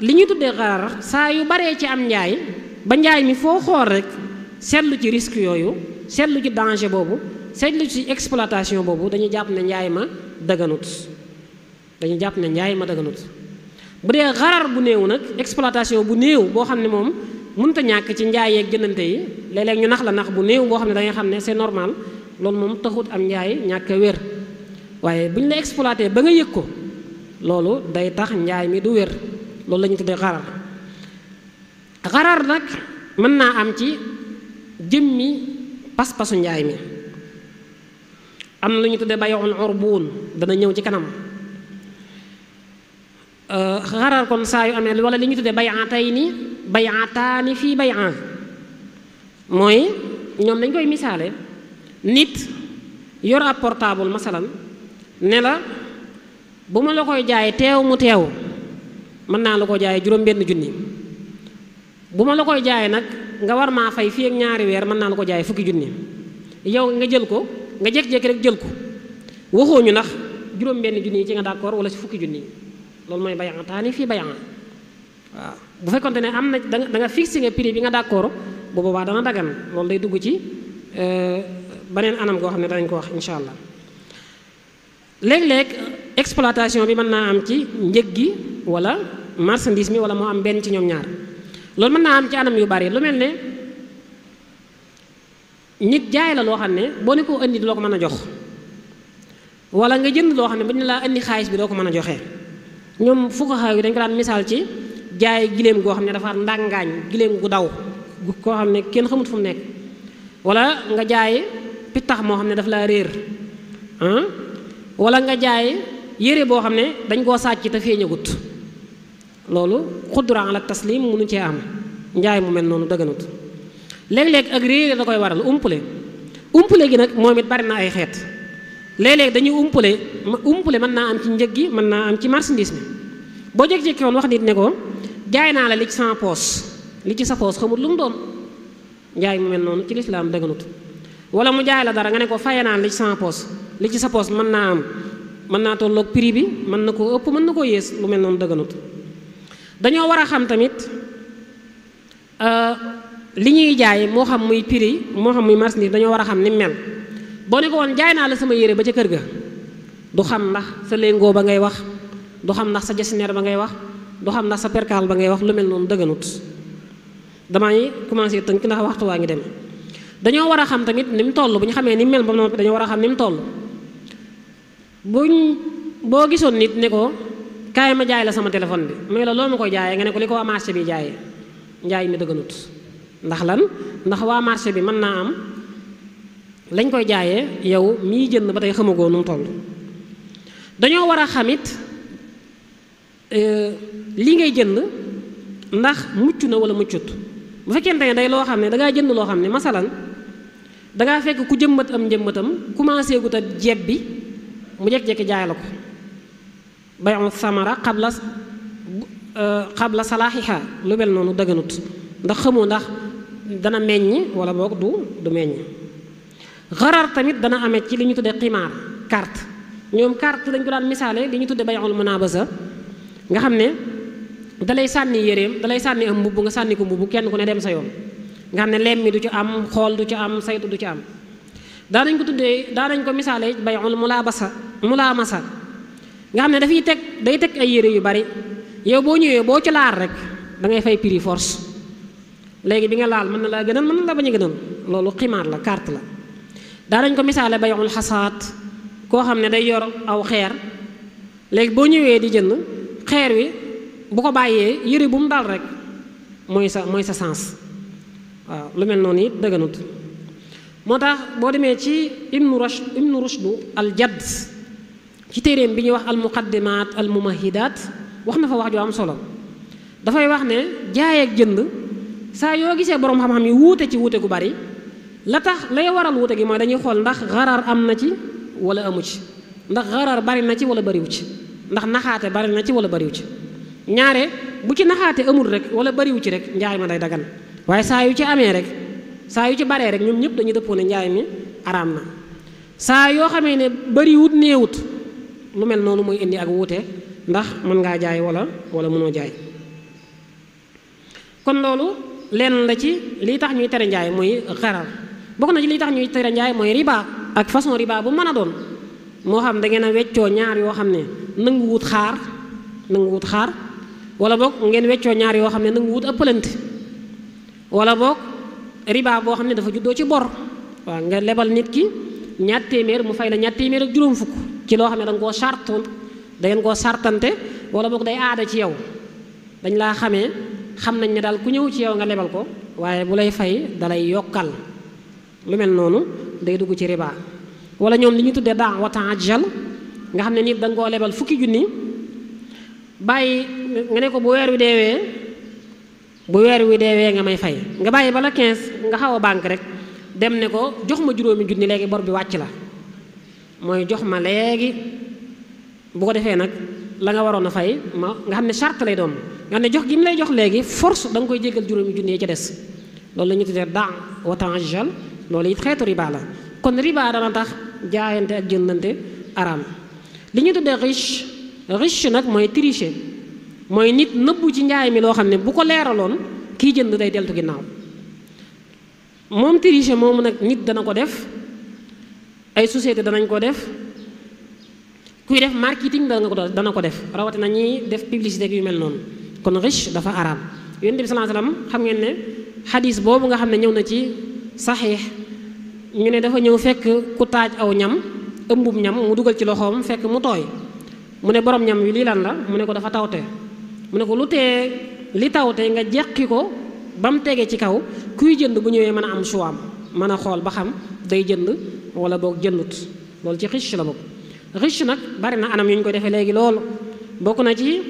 B: li ñuy tuddee xarar saa yu baree ci am njaay ba njaay mi foo rek seetlu ci risque yooyu seetlu ci danger boobu seetlu ci exploitation boobu dañuy jàpp ne njaay ma dëgganut dañuy jàpp ne njaay ma dëgganut bu dee xarar bu néew nag exploitation bu néew boo xam ne moom munta ñak ci njaay yeeg jëneenté yi léeg-léeg ñu nax la nax bu neew bo xamné da nga xamné c'est normal lool mom taxut am njaay ñak wër wayé buñ la exploiter ba nga yëg ko loolu day tax njaay mi du wër loolu lañu nak mën na am ci jëmmi pas-pasu njaay mi am na lu ñu urbun bayoon orbuun dana ñëw ci kanam Euh, xarar kon saa yu amee wala li ñu en bay'atayni bay'ataani fii bay bay'an mooy ñoom lañ koy misaale nit yor ab portable masalan ne la bu ma la koy jaay teew mu teew mën naa la ko jaay juróom-benn junni bu ma la koy jaay nag nga war maa fay fii ak ñaari weer mën naa la ko jaay fukki junni yow nga jël ko nga jékki jekki rek jël ko waxooñu ndax juróom-benn junni yi ci nga d'accord wala ci fukki junni Lol mooy bayang tani fi bayang waaw bu fekkonté né am da nga fixé nga prix bi nga d'accord bu da na dagan day dugg ci euh, anam go xamné dañ ko wax inshallah allah leg exploitation bi man na am ci wala marchandise mi wala mo am ben ci ñom ñaar loolu man na am ci anam yu bari lu mel nit jaay la lo xam ne ne ko andi do ko mën jox wala nga jënd lo xam ne bu ñu laa bi do ko ñoom fuqaha yi dañ ko daan misaal ci jaay giléem goo xam ne dafa ndàngaañ giléem gu daw koo xam ne kenn xamut fu mu nekk wala nga jaay pittax moo xam ne daf laa réer ah? wala nga jaay yére boo xam ne dañ koo sàcc te feeñagut loolu xudra ala taslim mënu cee am njaay mu mel noonu dëgganut léeg-léeg ak réer da koy waral umpule umpule gi nag moom it bari na ay xeet léeg dañu dañuy umpule umpule mën naa am ci njëg gi mën naa am ci marchandise bi boo jékki-jékki woon wax nit ne ko jaay naa la li ci sama poos li ci sa poos xamut lu mu doon njaay mu mel noonu ci lislaam dëgganut wala mu jaay la dara nga ne ko faye naan li ci sama poos li ci sa poos mën naa am mën naa tolloog prix bi mën na koo ëpp mën na koo yées lu mel noonu dëgganut dañoo war a xam tamit euh, li ñuy jaay moo xam muy prix moo xam muy bi dañoo war a xam ni mel boo ne ko woon jaay naa la sama yére ba ca kër ga du xam ndax sa léngoo ba ngay wax du xam ndax sa jasineer ba ngay wax du xam ndax sa perkaal ba ngay wax lu mel noonu dëgganut damay commencé tënk ndax waxtu waa ngi dem dañoo war a xam tamit ni mu toll bu ñu xamee ni mu mel ba noppi dañoo war a xam ni mu toll ñu boo gisoon nit ne ko kaay ma jaay la sama téléphone bi mu la loo ma koy jaayee nga ne ko li ko waa marché bi jaayee njaay mi dëgganut ndax lan mën am lañ koy jaayee yow mii jënd ba tey xamagoo nu mu dañoo war a xamit euh, li ngay jënd ndax mucc na wala muccut bu fekkente ne day loo xam ne dangaa jënd loo xam ne masalan dangaa fekk ku jëmbat am njëmbatam commencé gu ta jeeb bi mu jekk-jekki jaay la ko bayon samara xab xabla xabla euh, salaaxiha lu mel noonu daganut ndax xamoo ndax dana meññ wala boog du du meññ xarar tamit dana amee ci li ñu tuddee ximaar carte ñoom carte dañ ko daan misaale li ñu tuddee bay'ul munabasa nga xam ne dalay sànni yéreem dalay sànni am mbubb nga sànni ko mbubb kenn ku ne dem sa yoon nga xam ne lem mi du ci am xool du ci am saytu du ci am daanañ ko tuddee daanañ ko misaale bay'ul mulabasa mulamasa nga xam ne dafay teg day teg ay yére yu bari yow boo ñëwee boo ci laal rek da ngay fay prix force léegi bi nga laal mën na laa gënal mën na la bañ a gënal loolu ximaar la carte la daanañ ko misale bayul hasad ko xamne day yor aw xeer leg bo ñewé di jënd xeer wi bu ko bayé yëri bu mu dal rek moy sa moy sa sens wa lu mel noonu it dëgganut moo tax boo ci ibn rushd ibn rushd al jadd ci téréem bi ñu wax al muqaddimat al mumahidat wax na fa wax ju am solo da fay wax ne jaay ak jënd sa yo gisé borom xam-xam yi wuté ci wuté gu bari la tax lay waral wute gi mooy dañuy xool ndax xaraar am na ci wala amu ci ndax xaraar bari na ci wala bariwu ci ndax naxaate bari na ci wala bariwu ci ñaare bu ci naxaate amul rek wala bariwu ci rek njaay ma day dagan waaye saa yu ci amee rek saa yu ci baree rek ñoom ñëpp dañuy dëppoo njaay mi araam na saa yoo xamee ne bariwut néewut lu mel noonu mooy indi ak wuute ndax mën ngaa jaay wala wala mënoo jaay kon loolu lenn la ci lii tax ñuy tere njaay muy xarar bokk na ci li tax ñuy tere njaay mooy riba ak façon ribaa bu mën a doon moo xam da ngeen a weccoo ñaar yoo xam ne nangu xaar nangu wut xaar wala boog ngeen weccoo ñaar yoo xam ne nangu wut ëppalante wala boog riba boo xam ne dafa juddoo ci bor waaw nga lebal nit ki ñaar téeméer mu fay la ñaar téeméer ak juróom fukk ci loo xam ne da koo sart da ngeen koo sartante wala boog day aada ci yow dañ laa xamee xam nañ ne daal ku ñëw ci yow nga lebal ko waaye bu lay fay dalay yokkal lu mel noonu day dugg ci riba wala ñoom li ñu tuddee daan wa ta'ajjal nga xam ne nit da nga koo lebal fukki junni bàyyi nga ne ko bu weer wi deewee bu weer wi deewee nga may fay nga bàyyi bala 15 nga xaw a banque rek dem ne ko jox ma juróomi junni léegi bor bi wàcc la mooy jox ma léegi bu ko defee nag la nga waroon a fay ma nga xam ne charte lay doon nga xam ne jox gi mu lay jox léegi force da koy jéggal juróomi junni yi ca des loolu la ñu tuddee daan wa ta'ajjal loolu it xeetu riba la kon riba dana tax jaayante ak jëndante araam li ñu tuddee riche riche nag mooy tricher mooy nit nëbbu ci njaay mi loo xam ne bu ko leeraloon kii jënd day deltu ginnaaw moom tricher moomu nag nit dana ko def ay société danañ ko def kuy def marketing dana ko dana ko def rawatina ñiy def publicité yu mel noonu kon riche dafa araam yonent bi sallallahu xam ngeen ne xadis boobu nga xam ne ñëw na ci saxiix ñu ne dafa ñëw fekk ku taaj aw ñam ëmbub ñam mu dugal ci loxoom fekk mu tooy mu ne borom ñam wi lii lan la mu ne ko dafa tawte mu ne ko lu tee li tawte nga jeqi ko ba mu tegee ci kaw kuy jënd bu ñëwee mën a am suwaam mën a xool ba xam day jënd wala boog jëndut loolu ci riche la bokk riche nag bari na anam yu ñu ko defee léegi loolu bokk na ci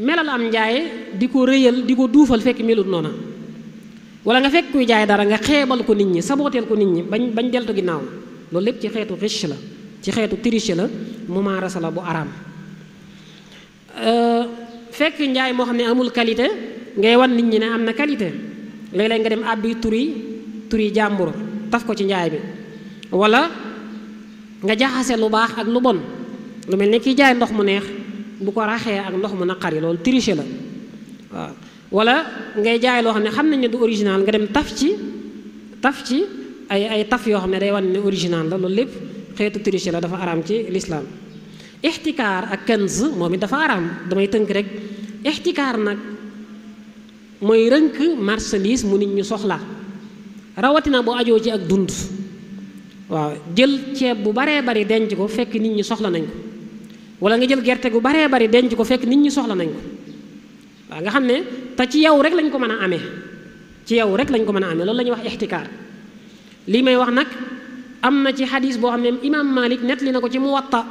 B: melal am njaay di ko rëyal di ko duufal fekk melut noona wala nga fekk kuy jaay dara nga xeebal ko nit ñi sabooteel ko nit ñi bañ bañ deltu ginnaaw loolu lépp ci xeetu riche la ci xeetu triche la mumaarasa la bu araam fekk njaay moo xam ne amul qualité ngay wan nit ñi ne am na qualité léeg-léeg nga dem àbbi turi turi jàmbur taf ko ci njaay bi wala nga jaxase lu baax ak lu bon lu mel ne kiy jaay ndox mu neex bu ko raxee ak ndox mu naqari loolu triche la waaw wala ngay jaay loo xam ne xam nañ ne du original nga dem taf ci taf ci ay ay taf yoo xam ne day wane ne original la loolu lépp xeetu triche la dafa araam ci lislaam ixtikaar ak kanz moom it dafa araam damay tënk rek ixtikaar nag mooy rënk marchandise mu nit ñu soxla rawatina boo ajoo ci ak dund waaw jël ceeb bu baree bari denc ko fekk nit ñi soxla nañ ko wala nga jël gerte gu baree bari denc ko fekk nit ñi soxla nañ ko waa nga xam ne te ci yow rek lañu ko mën a amee ci yow rek lañ ko mën a amee loolu la ñuy wax ixtikaar lii may wax nag am na ci xadis boo xam ne imaam Malik nettali na ko ci Muwatta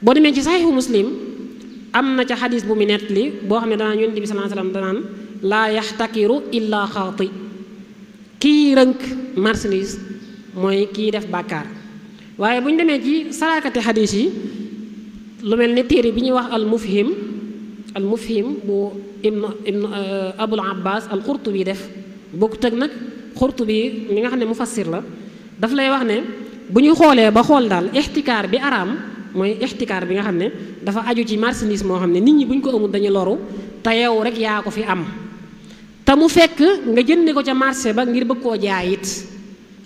B: boo demee ci saxiixu muslim am na ca xadis bu mu nettali boo xam ne danaan yonent bi sallallahu alayhi wasallam danaan laa yaxtakiru illaa xaati kii rënk marchandise mooy kii def bàkkaar waaye bu ñu demee ci sarakati xadis yi lu mel ne téere bi ñuy wax al mufhim المفهم بو ابن ابن آه، ابو العباس القرطبي ديف بوك تك نك قرطبي ميغا خاني مفسر لا داف لاي واخ ني بونيو خوله با خول دال احتكار بي ارام موي احتكار بيغا خاني دافا اديو تي مارسينيس مو خاني نيت ني بون كو امول داني لورو تا ياو رك ياكو في ام تا مو فك nga جيندي كو تي مارسي با غير بكو جايت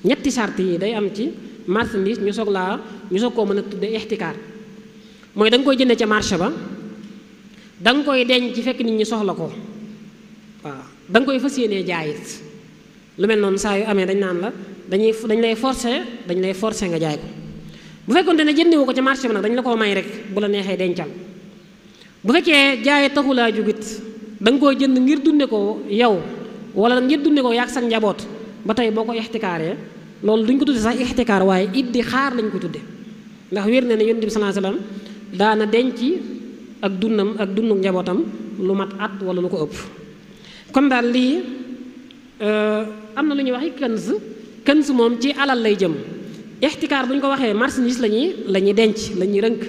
B: نيتي شارتي داي ام تي مارسينيس ني سوغلا ني سوكو مانا تودي احتكار موي دنج كو جيندي تي مارشي با danga koy denc ci fekk nit ñi soxla ko waaw da koy fas yéenee jaayit lu mel noonu saa yu amee dañ naan la dañuy dañ lay forcer dañ lay forcer nga jaay ko bu fekkonte ne jëndiwu ko ci marché bi nag dañu la koo may rek bu la neexee dencal bu fekkee jaay laa jugit da nga koo jënd ngir dunde ko yow wala ngir dunde ko yàgg sa njaboot ba tey boo ko ixtikaaree loolu duñ ko tudde sax ixtikaar waaye iddi xaar lañ ko tudde ndax wér na ne yonent bi sallallahu daana denc ak dundam ak dundu njabootam lu mat at wala lu ko ëpp kon daal lii euh, am na lu ñuy waxi këns këns moom ci alal lay jëm ixtikaar bu ñu ko waxee marchandise la ñuy la ñuy denc la ñuy rënk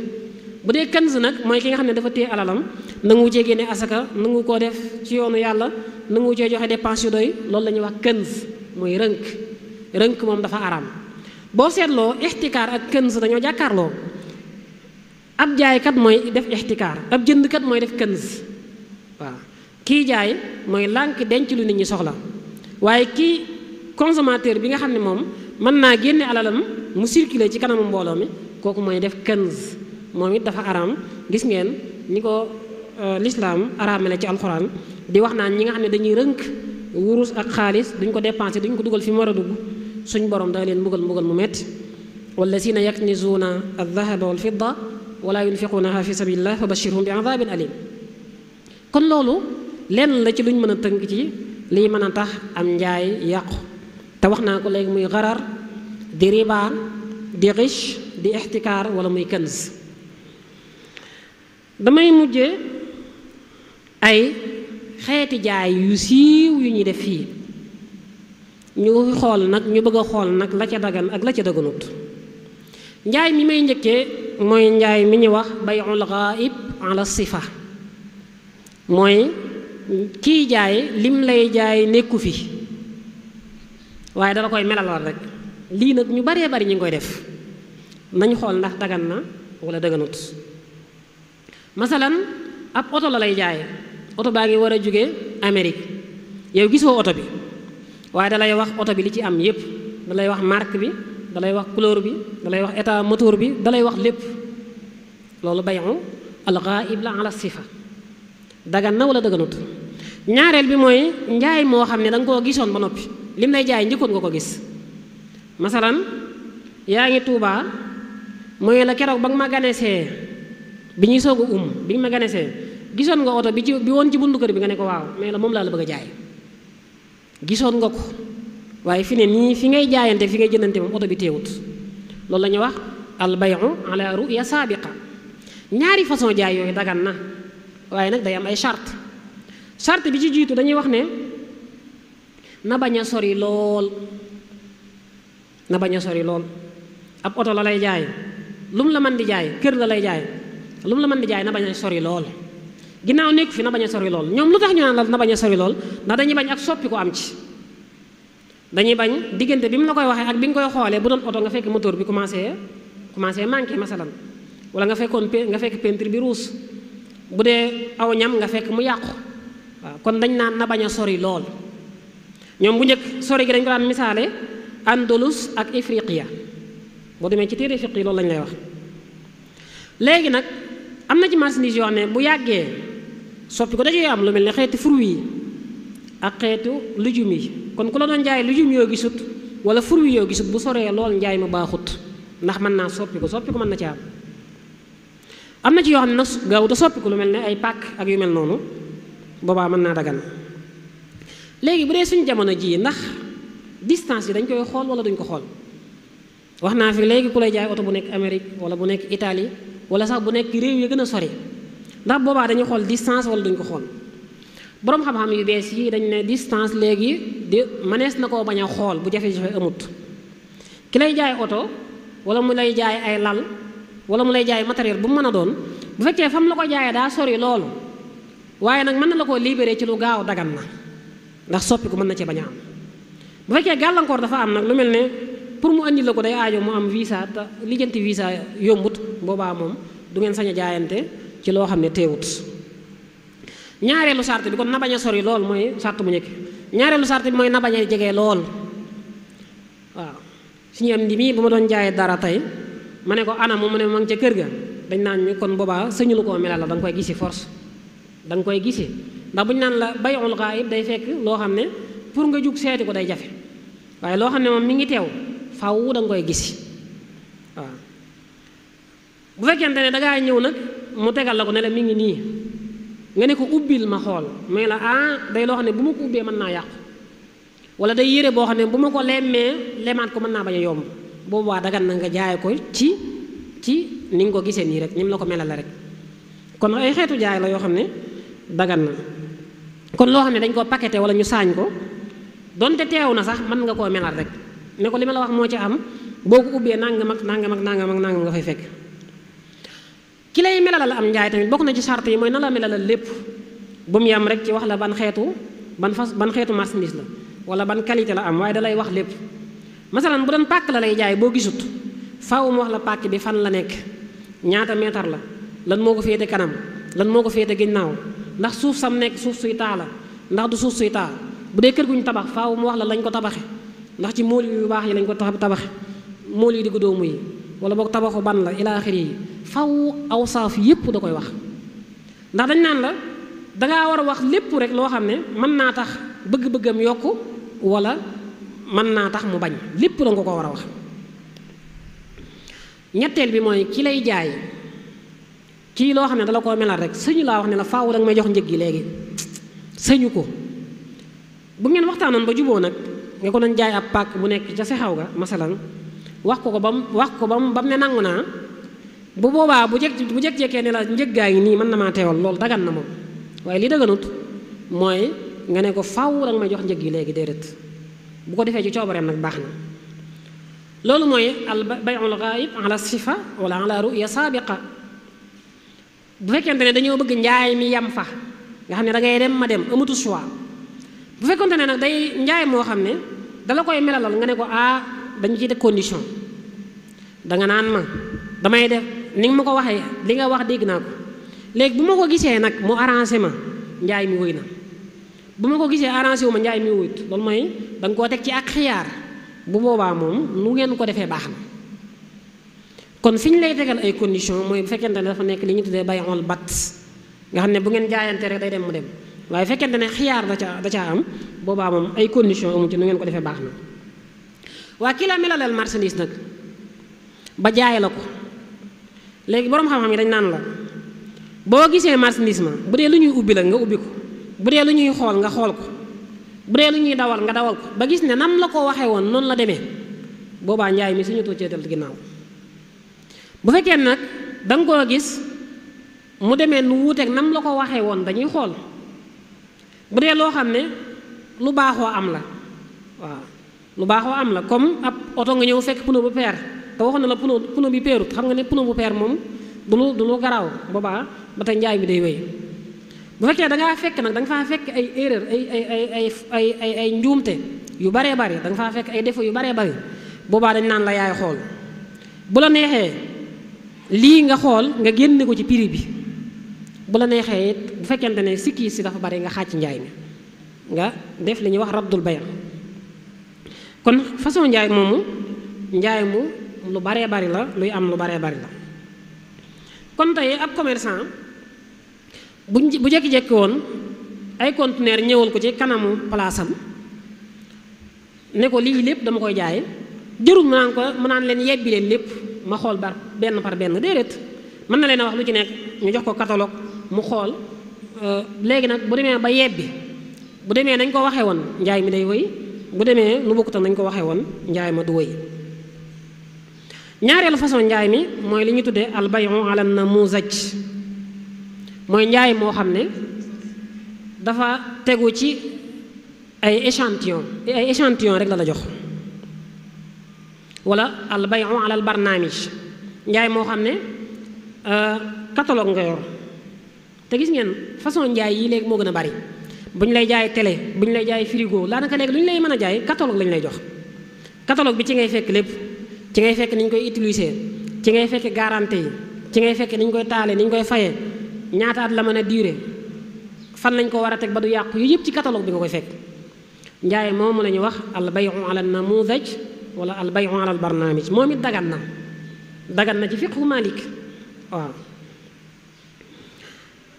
B: bu dee këns nag mooy ki nga xam ne dafa téye alalam nangu cee génne asaka nangu koo def ci yoonu yàlla nangu cee joxe dépense yu doy loolu la ñuy wax këns mooy rënk rënk moom dafa araam boo seetloo ixtikaar ak këns dañoo jàkkaarloo ab kat mooy def ixtikaar ab kat mooy def kënz waaw kii jaay mooy lànk denc lu nit ñi soxla waaye kii consommateur bi nga xam ne moom mën naa génne alalam mu circuler ci kanamu mbooloo mi kooku mooy def kënz moom it dafa aram gis ngeen ni ko lislaam araamale ci alxuraan di wax naan ñi nga xam ne dañuy rënk wurus ak xaalis duñ ko dépensé duñ ko dugal fi mu war a dugg suñ borom da leen mbugal mbugal mu metti wallazina yaknizuuna aldahaba walfidda ولا ينفقونها في سبيل الله فبشرهم بعذاب أليم كن لولو لين لا تي لوني مانا تانك تي لي مانا تاخ ام نجاي ياخ تا واخنا كو ليك موي غرار دي ربا دي غش دي احتكار ولا موي كنز داماي موجي اي خيتي جاي يو سيو يو ني ديف ني خول نك ني بغا خول نك لا تي داغان اك لا تي داغنوت njaay mi may njëkkee mooy njaay mi ñu wax bayul ghaib ala sifa mooy kii jaay lim lay jaay nekku fi waaye dala koy melaloon rek lii nag ñu baree bari ñu ngi koy def nañ xool ndax dagan na wala daganut masalan ab oto la lay jaay oto baa ngi war a jóge Amérique yow gisoo oto bi waaye dalay wax oto bi li ci am yépp dalay wax marque bi dalay wax couleur bi dalay wax état moteur bi dalay wax lepp bayu al ghaib la ala sifa dagan na wala daganut ñaarel bi moy njaay mo xamne dang ko nga ba nopi lim lay jaay njëkkoon ko gis masalan yaangi touba moy la kérok ba nga ma ganesee bi um bing ma ganesee gisoon nga auto bi ci bi won ci bundu keur bi nga ne ko waaw mais la mom la la bëgg jaay nga waye fi ne ni fi ngay jaayante fi ngay jëndante mom auto bi teewut loolu lañu wax al bay'u ala ruya sabiqa ñaari façon jaay yooyu dagan na waye nak day am ay charte charte bi ci jitu dañuy wax ne na baña sori lool na baña sori lool ab auto la lay jaay lum la man di jaay kër la lay jaay lum la man di jaay na baña sori lool ginaaw nek fi na baña sori lool ñom lutax ñu naan la na baña sori lool na dañuy bañ ak soppi ko am ci dañuy bañ digënté bimu la koy waxé ak biñ koy xolé bu doon auto nga fekk moteur bi commencé commencé manké masalan wala nga fekkoon nga fekk peinture bi rouss bu dé aw ñam nga fekk mu yaq kon dañ nan na baña sori lool ñom bu ñëk sori gi dañ ko daan misalé andalus ak afriqiya bu démé ci téré fiqi lool lañ lay wax légui nak am na ci marchandise yo xam bu yàggee soppi ko dajé am lu melni xéti fruit ak lujumi kon ku la doon jaay lu jum yoo gisut wala fur wi yoo gisut bu soree lool njaay ma baaxut ndax mën naa soppi ko soppi ko mën na ci am am na ci yoo xam ne gaaw da soppi ko lu mel ne ay pàkk ak yu mel noonu boobaa mën naa dagan léegi bu dee suñ jamono ji ndax distance yi dañ koy xool wala duñ ko xool wax naa fi léegi ku lay jaay oto bu nekk Amérique wala bu nekk Italie wala sax bu nekk réew yi gën a sori ndax boobaa dañuy xool distance wala duñ ko xool boroom xam-xam yu bees yi dañ ne distance léegi di mënees na koo bañ a xool bu jafe-jafe amut ki lay jaay oto wala mu lay jaay ay lal wala mu lay jaay matériel bu mu mën a doon bu fekkee fam la ko jaayee daa sori loolu waaye nag mën na la koo libéré ci lu gaaw dagan na ndax soppi ko mën na ci bañ a am bu fekkee gàllankoor dafa am nag lu mel ne pour mu andi la ko day aajo mu am visa te lijjanti visa yombut boobaa moom du ngeen sañ a jaayante ci loo xam ne teewut ñaareelu sart bi kon na baña sori lool mooy sart bu njëkk ñaareelu sart bi moy na baña jégué lol lool waaw suñu am di mii bu doon jaay dara tay mané ko ana mu ne mo ngi ci kër ga dañ nan ñu kon boba señu lu ko melal la dang koy gisi force dang koy gisi ndax buñ nan la bayul ghaib day fekk lo xamné ne pour nga juk séti ko day jafé waye lo xamné ne mi ngi tew faaw dang koy gisi waaw bu fekkene ne da nga ñew nak mu tégal la ko ne la mi ngi ni nga ne ko ubbil ma xool mais la ah day loo xam ne bu ma ko ubbee mën naa yàqu wala day yére boo xam ne bu ma ko lemmee lemaat ko mën naa bañ a yomb boobu waa dagan na nga jaay ko ci ci ni nga ko gisee nii rek ñim la ko melal rek kon ay xeetu jaay la yoo xam ne dagan na kon loo xam ne dañ koo paqueté wala ñu saañ ko donte teew na sax mën nga koo melal rek ne ko li ma la wax moo ci am boo ko ubbee nangam ak nangam ak nangam ak nangam nga koy fekk ki lay melalal am njaay tamit bokk na ci charte yi mooy na la melalal lépp bu mu yam rek ci wax la ban xeetu ban fas ban xeetu marchandise la wala ban qualité la am waaye da lay wax lépp masalan bu doon pàkk la lay jaay boo gisut faaw mu wax la pàkk bi fan la nekk ñaata meetar la lan moo ko féete kanam lan moo ko féete ginnaaw ndax suuf sam nekk suuf suy taa la ndax du suuf suy taa bu dee kër guñ tabax faaw mu wax la lañ ko tabaxe ndax ci mool yu baax yi lañ ko tabaxe mool yi di guddoomu yi wala boog tabaxu ban la ilaa axiri yi faw aw saaf yépp da koy wax ndax dañ naan la danga war a wax lépp rek loo xam ne mën naa tax bëgg-bëggam yokk walla mën naa tax mu bañ lépp da ko war a wax ñetteel bi mooy ki lay jaay kii loo xam ne dala koo melal rek sëñu laa wax ne la faaw danga may jox njëg gi léegi sëñu ko bu ngeen waxtaanoon ba juboo nag nga ko doon jaay ab pàkk bu nekk ca sexaw ga masalan wax ko ko ba mu wax ko ba mu ba mu ne nangu naa bu boobaa bu jëkk bu jëkk-jekkee ne la njëg gaa ngi nii mën na maa teewal loolu dagan na moom waaye li daganut mooy nga ne ko faw danga may jox njëg yi léegi déedéet bu ko defee ci coobareem nag baax na loolu mooy al bayul gaib ala sifa wala ala ruya sabiqa bu fekkente ne dañoo bëgg njaay mi yam fa nga xam ne da ngay dem ma dem amatu choix bu fekkonte ne nag day njaay moo xam ne dala koy melalal nga ne ko ah dañu ciy teg condition danga naan ma damay def ni nga ma ko waxee li nga wax dégg naa ko léegi bu ma ko gisee nag mu arrangé ma njaay mi wóy na bu ma ko gisee arrangé wu njaay mi wóyut loolu mooy danga koo teg ci ak xiyaar bu boobaa moom nu ngeen ko defee baax na kon fi ñu lay tegal ay condition mooy bu fekkente ne dafa nekk li ñu tuddee bay'ul batt nga xam ne bu ngeen jaayante rek day dem mu dem waaye fekkente ne xiyaar da ca da caa am boobaa moom ay condition amu ci nu ngeen ko defee baax na waa kii la melaleel marchandise nag ba jaay la ko léegi boroom xam-xam yi dañ naan la boo gisee marchandise ma bu dee lu ñuy ubbi la nga ubbi ko bu dee lu ñuy xool nga xool ko bu dee lu ñuy dawal nga dawal ko ba gis ne nam la ko waxee woon noonu la demee boobaa njaay mi suñu tuccee del ginnaaw bu fekkee nag danga nga koo gis mu demee nu wuuteeg nam la ko waxee woon dañuy xool bu dee loo xam ne lu baaxoo am la waaw lu baaxoo am la comme ab oto nga ñëw fekk pneu bu peer te waxoon na la pneu pneu bi peerut xam nga ne pneu bu peer moom du lu du lu garaaw boobaa ba njaay bi day wéy bu fekkee da ngaa fekk nag danga nga faa fekk ay erreur ay ay ay ay ay njuumte yu baree bari da nga faa fekk ay défaut yu baree bari boobaa dañ naan la yaay xool bu la neexee lii nga xool nga génne ko ci prix bi bu la neexee bu fekkente ne sikki si dafa bari nga xàcc njaay mi nga def li ñuy wax rabdul bay kon façon njaay momu njaay mu lu bare bare la luy am lu bare bare la kon tay ab commerçant bu jek jek won ay conteneur ñewul ko ci kanamu am ne ko lip, lepp dama koy jaay jërul mu naan ko mu nan len yebbi len lepp ma xol bar ben par ben dedet man na len wax lu ci nek ñu jox ko catalogue mu euh legi nak bu demé ba yebbi bu demé nañ ko waxé won njaay mi day woy bu demee nu bokkut dañ ko waxee woon njaay ma du wëy ñaareelu façon njaay mi mooy li ñu tuddee albayon ala namuzaj mooy njaay moo xam ne dafa tegu ci ay échantillon ay échantillon rek la la jox wala albayon alal barnaamij njaay moo xam ne euh, catalogue nga yor te gis ngeen façon njaay yi léegi moo gën a bari buñ lay jaay télé buñ lay jaay frigo la naka lu luñ lay mëna jaay catalogue lañ lay jox catalogue bi ci ngay fekk lépp ci ngay fekk niñ koy utiliser ci ngay fekk garantie ci ngay fekk niñ koy talé niñ koy fayé ñaata at la mëna durer fan lañ ko wara tek teg ba du yàqu yu yëpp ci catalogue bi nga koy fekk njaay moomu la wax al bayu ala an namudaj wala al bayu ala al barnamij momi dagan na dagan na ci fiqhu malik waaw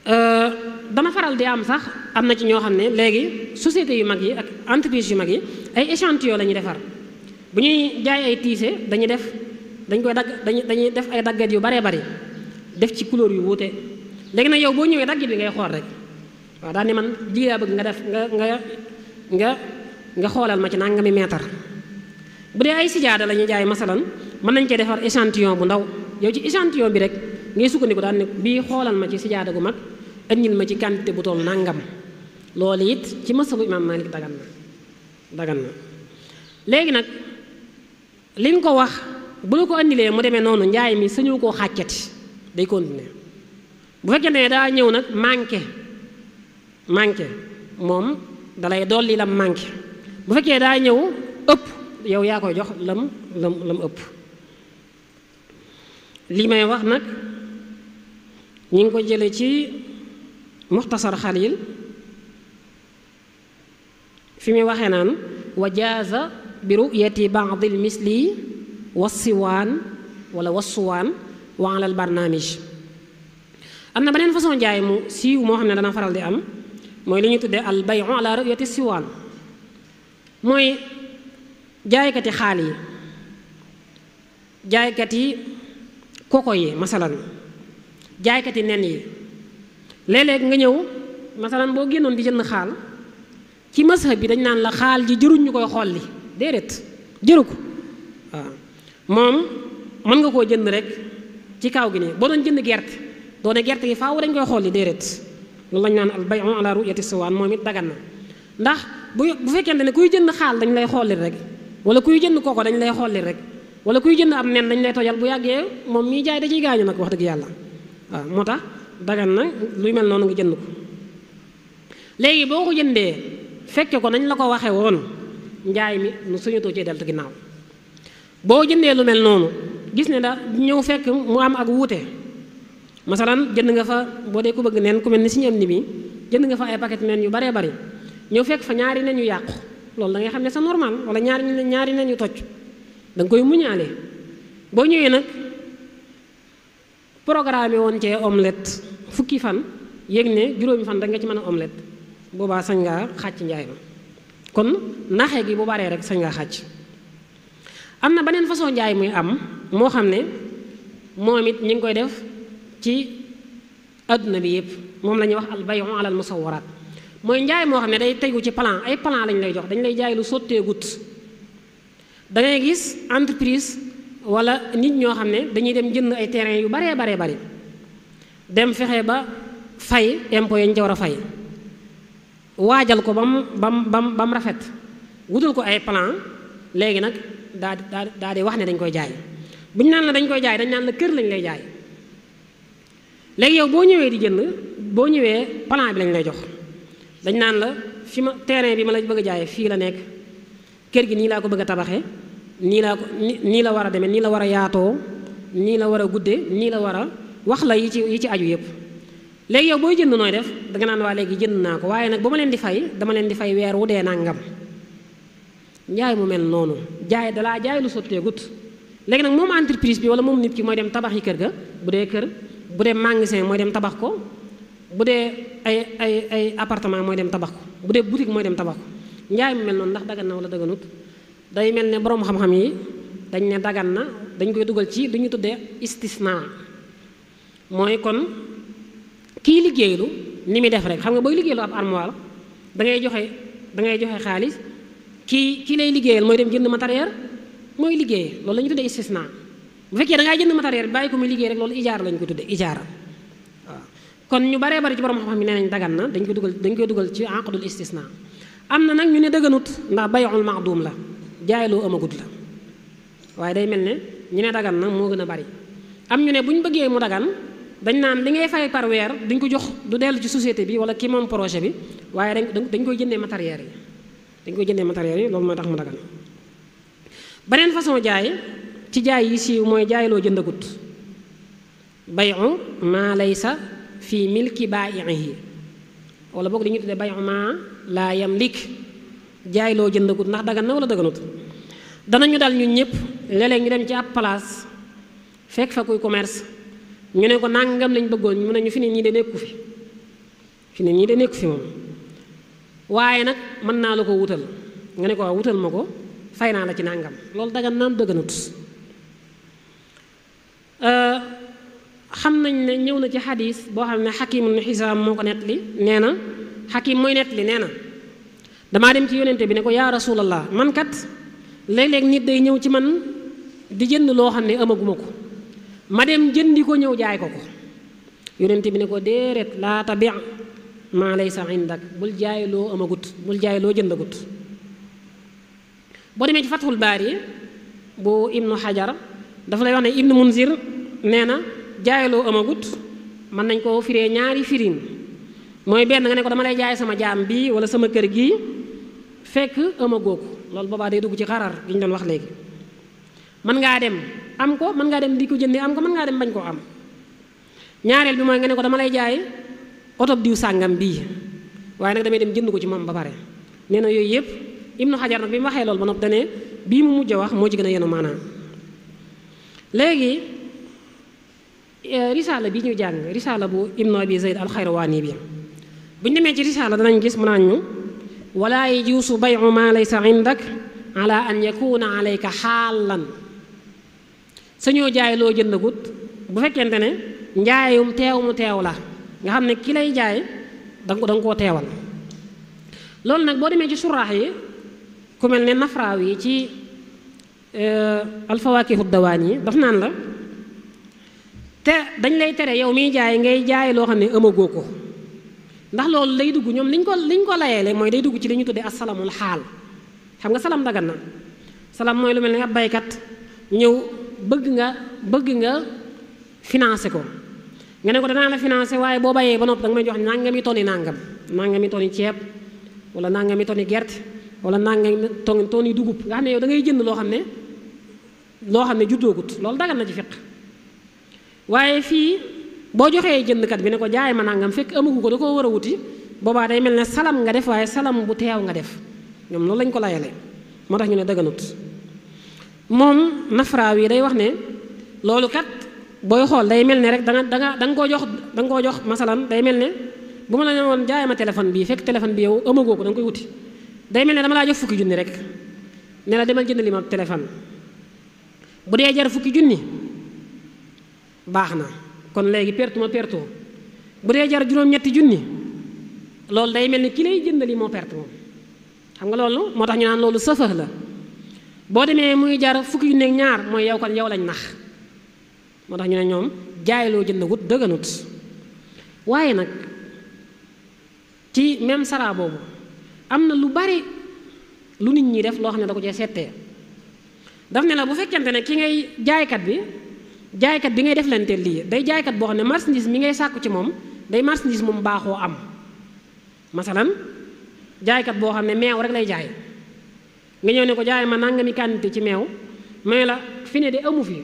B: Euh, dama faral di am sax am na ci ñoo xam ne léegi sociétés yu mag yi ak entreprise yu mag yi ay échantillon la ñuy defar bu ñuy jaay ay tiise dañuy def dañ koy dagg dañuy def ay daggat yu baree bari def ci couleur yu wuute léegi nag yow boo ñëwee dagg bi ngay xool rek waaw daal man lii laa bëgg nga def nga nga nga nga xoolal ma ci nangami meetar bu dee ay sijaada la ñuy jaay masalan mën nañ cee defar échantillon bu ndaw yow ci échantillon bi rek ngay sukkandiku daan ne bii xoolal ma ci sijaada gu mag ëndil ma ci quantité bu toll nangam loolu it ci masabu imaam Maalik dagan na dagan na léegi nag liñ ko wax bu la ko indilee mu demee noonu njaay mi sañu koo xàccati day continuer bu fekkee ne daa ñëw nag manqué manqué moom dalay dolli la manqué bu fekkee daa ñëw ëpp yow yaa koy jox lam lam ëpp li may wax nag ñi ngi ko jële ci muxtasar xalil fi muy waxee naan wa jaaza bi ruyati baadil misli wassiwaan wala wassuwaan wa alal barnaamij am na beneen façon jaay mu siiw moo xam ne dana faral di am mooy li ñuy tuddee al bayu ala ruyati siwaan mooy jaaykati xaal yi jaaykati koko yi masalan jaaykati nen yi léeg-léeg nga ñëw masalan boo génnoon di jënd xaal ci mazhab bi dañ naan la xaal ji jëruñ ñu koy xolli déedéet jëru ko waaw moom mën nga koo jënd rek ci kaaw gi nii boo doon jënd gerte doone gerte gi faaw dañ koy xolli déedéet loolu lañ naan al bayu ala ru'yati sawaan moom it dagan na ndax bu bu fekkente ne kuy jënd xaal dañ lay xolli rek wala kuy jënd kooko dañ lay xolli rek wala kuy jënd am nen dañ lay tojal bu yàggee moom mii jaay da ciy gaañu nag wax dëgg yàlla waaw moo tax dagan na luy mel noonu nga jënd ko léegi boo ko jëndee fekke ko nañ la ko waxee woon njaay mi nu suñu too cee deltu ginnaaw boo jëndee lu mel noonu gis ne da ñëw fekk mu am ak wuute masalan jënd nga fa boo dee ko bëgg neen ku mel ni suñu am ni mi jënd nga fa ay paquet neen yu baree bari ñëw fekk fa ñaari neen yu yàqu loolu da ngay xam ne sa normal wala ñaari ñaari neen yu tocc da koy muñaale boo ñëwee nag programme woon cee omelette fukki fan yéeg ne juróomi fan rek nga ci mën a omelette boobaa sañ ngaa xàcc njaay ma kon naxe gi bu baree rek sañ ngaa xàcc am na beneen façon njaay muy am moo xam ne moom it ñu ngi koy def ci adduna bi yëpp moom la ñuy wax al bayu alal musawaraat mooy njaay moo xam ne day tegu ci plan ay palan lañ lay jox dañ lay jaay lu sotteegut da ngay gis entreprise wala nit ñoo xam ne dañuy dem jënd ay terrain yu baree baree bari dem fexe ba fay impôt yañ ca war a fay waajal ko ba mu ba mu ba rafet wutal ko ay plan léegi nag daa di daa di wax ne dañ koy jaay bu naan la dañ koy jaay dañ naan la kër lañ lay jaay léegi yow boo ñëwee di jënd boo ñëwee plan bi lañ lay jox dañ naan la fi ma terrain bi ma la bëgg a jaay fii la nekk kër gi nii laa ko bëgg a tabaxee nii laa ko nii la war a demee nii la war a yaatoo nii la war a gudde nii la war a wax la yi ci yi ci aju yëpp léegi yow booy jënd nooy def da nga naan waa léegi jënd naa ko waaye nag ba ma leen di fay dama leen di fay weer wu dee nangam njaay mu mel noonu jaay dalaa jaay lu sotteegut léegi nag moom entreprise bi wala moom nit ki mooy dem tabax yi kër ga bu dee kër bu dee magasin mooy dem tabax ko bu dee ay ay ay appartement mooy dem tabax ko bu dee boutique mooy dem tabax ko njaay mu mel noonu ndax dagan na wala daganut day mel ne borom xam-xam yi dañ ne dagan na dañ koy duggal ci duñu ñu istisna moy kon ki liggéeylu ni mi def rek xam nga boy liggéeylu ab armoire da ngay joxe da ngay joxe xaaliss ki ki lay liggéeyal moy dem jënd matériel moy liggéey loolu lañu ñu istisna bu fekkee da ngay jënd matériel bay ko muy liggéey rek loolu ijar lañ ko tuddee ijar kon ñu bare bari ci borom xam-xam yi nenañ dagan na dañ koy duggal dañ koy duggal ci aqdul istisna am na ñu ne dëgganut ndax bayul ma'dum la jaay loo amagut la waaye day mel ne ñu ne dagan na moo gën a bari am ñu ne bu ñu bëggee mu dagan dañ naan li ngay fay par weer duñ ko jox du dellu ci société bi wala ki moom projet bi waaye dañ dañ koy jëndee matériel yi dañ koy jëndee matériel yi loolu mooy tax mu dagan beneen façon jaay ci jaay yi siiw mooy jaayloo jaay loo jëndagut bayu maa laysa fii milki baa'ihi wala boog li ñu tuddee bayu maa laa yamlik jaay loo jëndagut ndax dagan na wala daganut danañu dal ñun ñëpp léeg-léeg ñu dem ci ab place fekk fa kuy commerce ñu ne ko nangam lañ bëggoon mu ne ñu fi ne ñii de nekku fi fi ne ñii de nekku fi moom waaye nag mën naa la ko wutal nga ne ko wutal ma ko fay naa la ci nangam loolu dagan naan dëgganut xam nañ ne ñëw na ci xadis boo xam ne xakimu nu xisaam moo ko nettali nee na xakim mooy nettali nee na damaa dem ci yonente bi ne ko yaa rasulallah man kat léeg-léeg nit day ñëw ci man di jënd loo xam ne amaguma ko ma dem jëndi ko ñëw jaay ko ko yonente bi ne ko déeret laata tabi maa laysa indak bul jaay loo amagut bul jaay loo jënd jëndagut boo demee ci baar yi bu ibnu xajar dafa lay wax ne ibnu munzir nee na jaay loo amagut mën nañ koo firee ñaari firin mooy benn nga ne ko dama lay jaay sama jaam bi wala sama kër gi fekk amagoo ko loolu boobaa day dugg ci xarar gi ñu doon wax léegi mën ngaa dem am ko mën ngaa dem di ko jënde am ko mën ngaa dem bañ koo am ñaareel bi mooy nga ne ko dama lay jaay oto diw sàngam bii waaye nag damay dem jënd ko ci moom ba pare nee na yooyu yëpp Ibnu Xajar nag bi mu waxee loolu ba nopp dane bii mu mujj wax moo ci gën a yenu maanaam léegi e, risaala bi ñu jàng risaala bu Ibnu Abi Zayd al-Xayrawaani bi bu ñu demee ci risaala danañ gis mën naa ولا يجوز بيع ما ليس عندك على أن يكون عليka xaalan sañoo jaay loo jëndagut bu fekkente ne njaayum teew mu teew la nga xam ne ki lay jaay da nga koo teewal loolu nag boo demee ci suraax yi ku mel ne nafraaw yi ci alfawaakihu dawaan yi daf naan la te dañ lay tere yow miy jaay ngay jaay loo xam ne ëmmagoo ko ndax loolu lay dugg ñoom liñ ko liñ ko layeele mooy day dugg ci li ñu tuddee assalamul xaal xam nga salam dagan na salam mooy lu mel ne ab baykat ñëw bëgg nga bëgg nga financé ko nga ne ko danaa la financé waaye boo bayee ba nopp da nga may jox nangami toni nangam nangami toni ceeb wala nangami toni gerte wala nangami toni toni dugub nga xam ne yow da ngay jënd loo xam ne loo xam ne juddoogut loolu dagan na ci fiq waaye fii boo joxee jëndkat bi ne ko jaay ma nangam fekk amagu ko da koo war a wuti boobaa day mel ne salam nga def waaye salam bu teew nga def ñoom loolu lañ ko layale moo tax ñu ne dëgganut moom nafraaw yi day wax ne loolu kat booy xool day mel ne rek da nga da nga koo jox da koo jox masalan day mel ne bu ma la ne woon jaay ma téléphone bii fekk téléphone bi yow amagoo ko da koy wuti day mel ne dama laa jox fukki junni rek ne la demal jënd li ma téléphone bu dee jar fukki junni baax na kon léegi pertu ma pertu bu dee jar juróom-ñetti junni loolu day mel ni ki lay jëndali moo perte xam nga loolu moo tax ñu naan loolu safax la boo demee muy jar fukki junni ak ñaar mooy yow kon yow lañ nax moo tax ñu ne ñoom jaayloo jënd wut dëgganut waaye nag ci même saraa boobu am na lu bari lu nit ñi def loo xam ne da ko cee settee daf ne la bu fekkente ne ki ngay jaaykat bi jaaykat bi ngay def lanteel lii day jaaykat boo xam ne marchandise mi ngay sàkku ci moom day marchandise moom baaxoo am masalan jaaykat boo xam ne meew rek lay jaay nga ñëw ne ko jaay ma nangami quantité ci meew may la fi ne de amu fi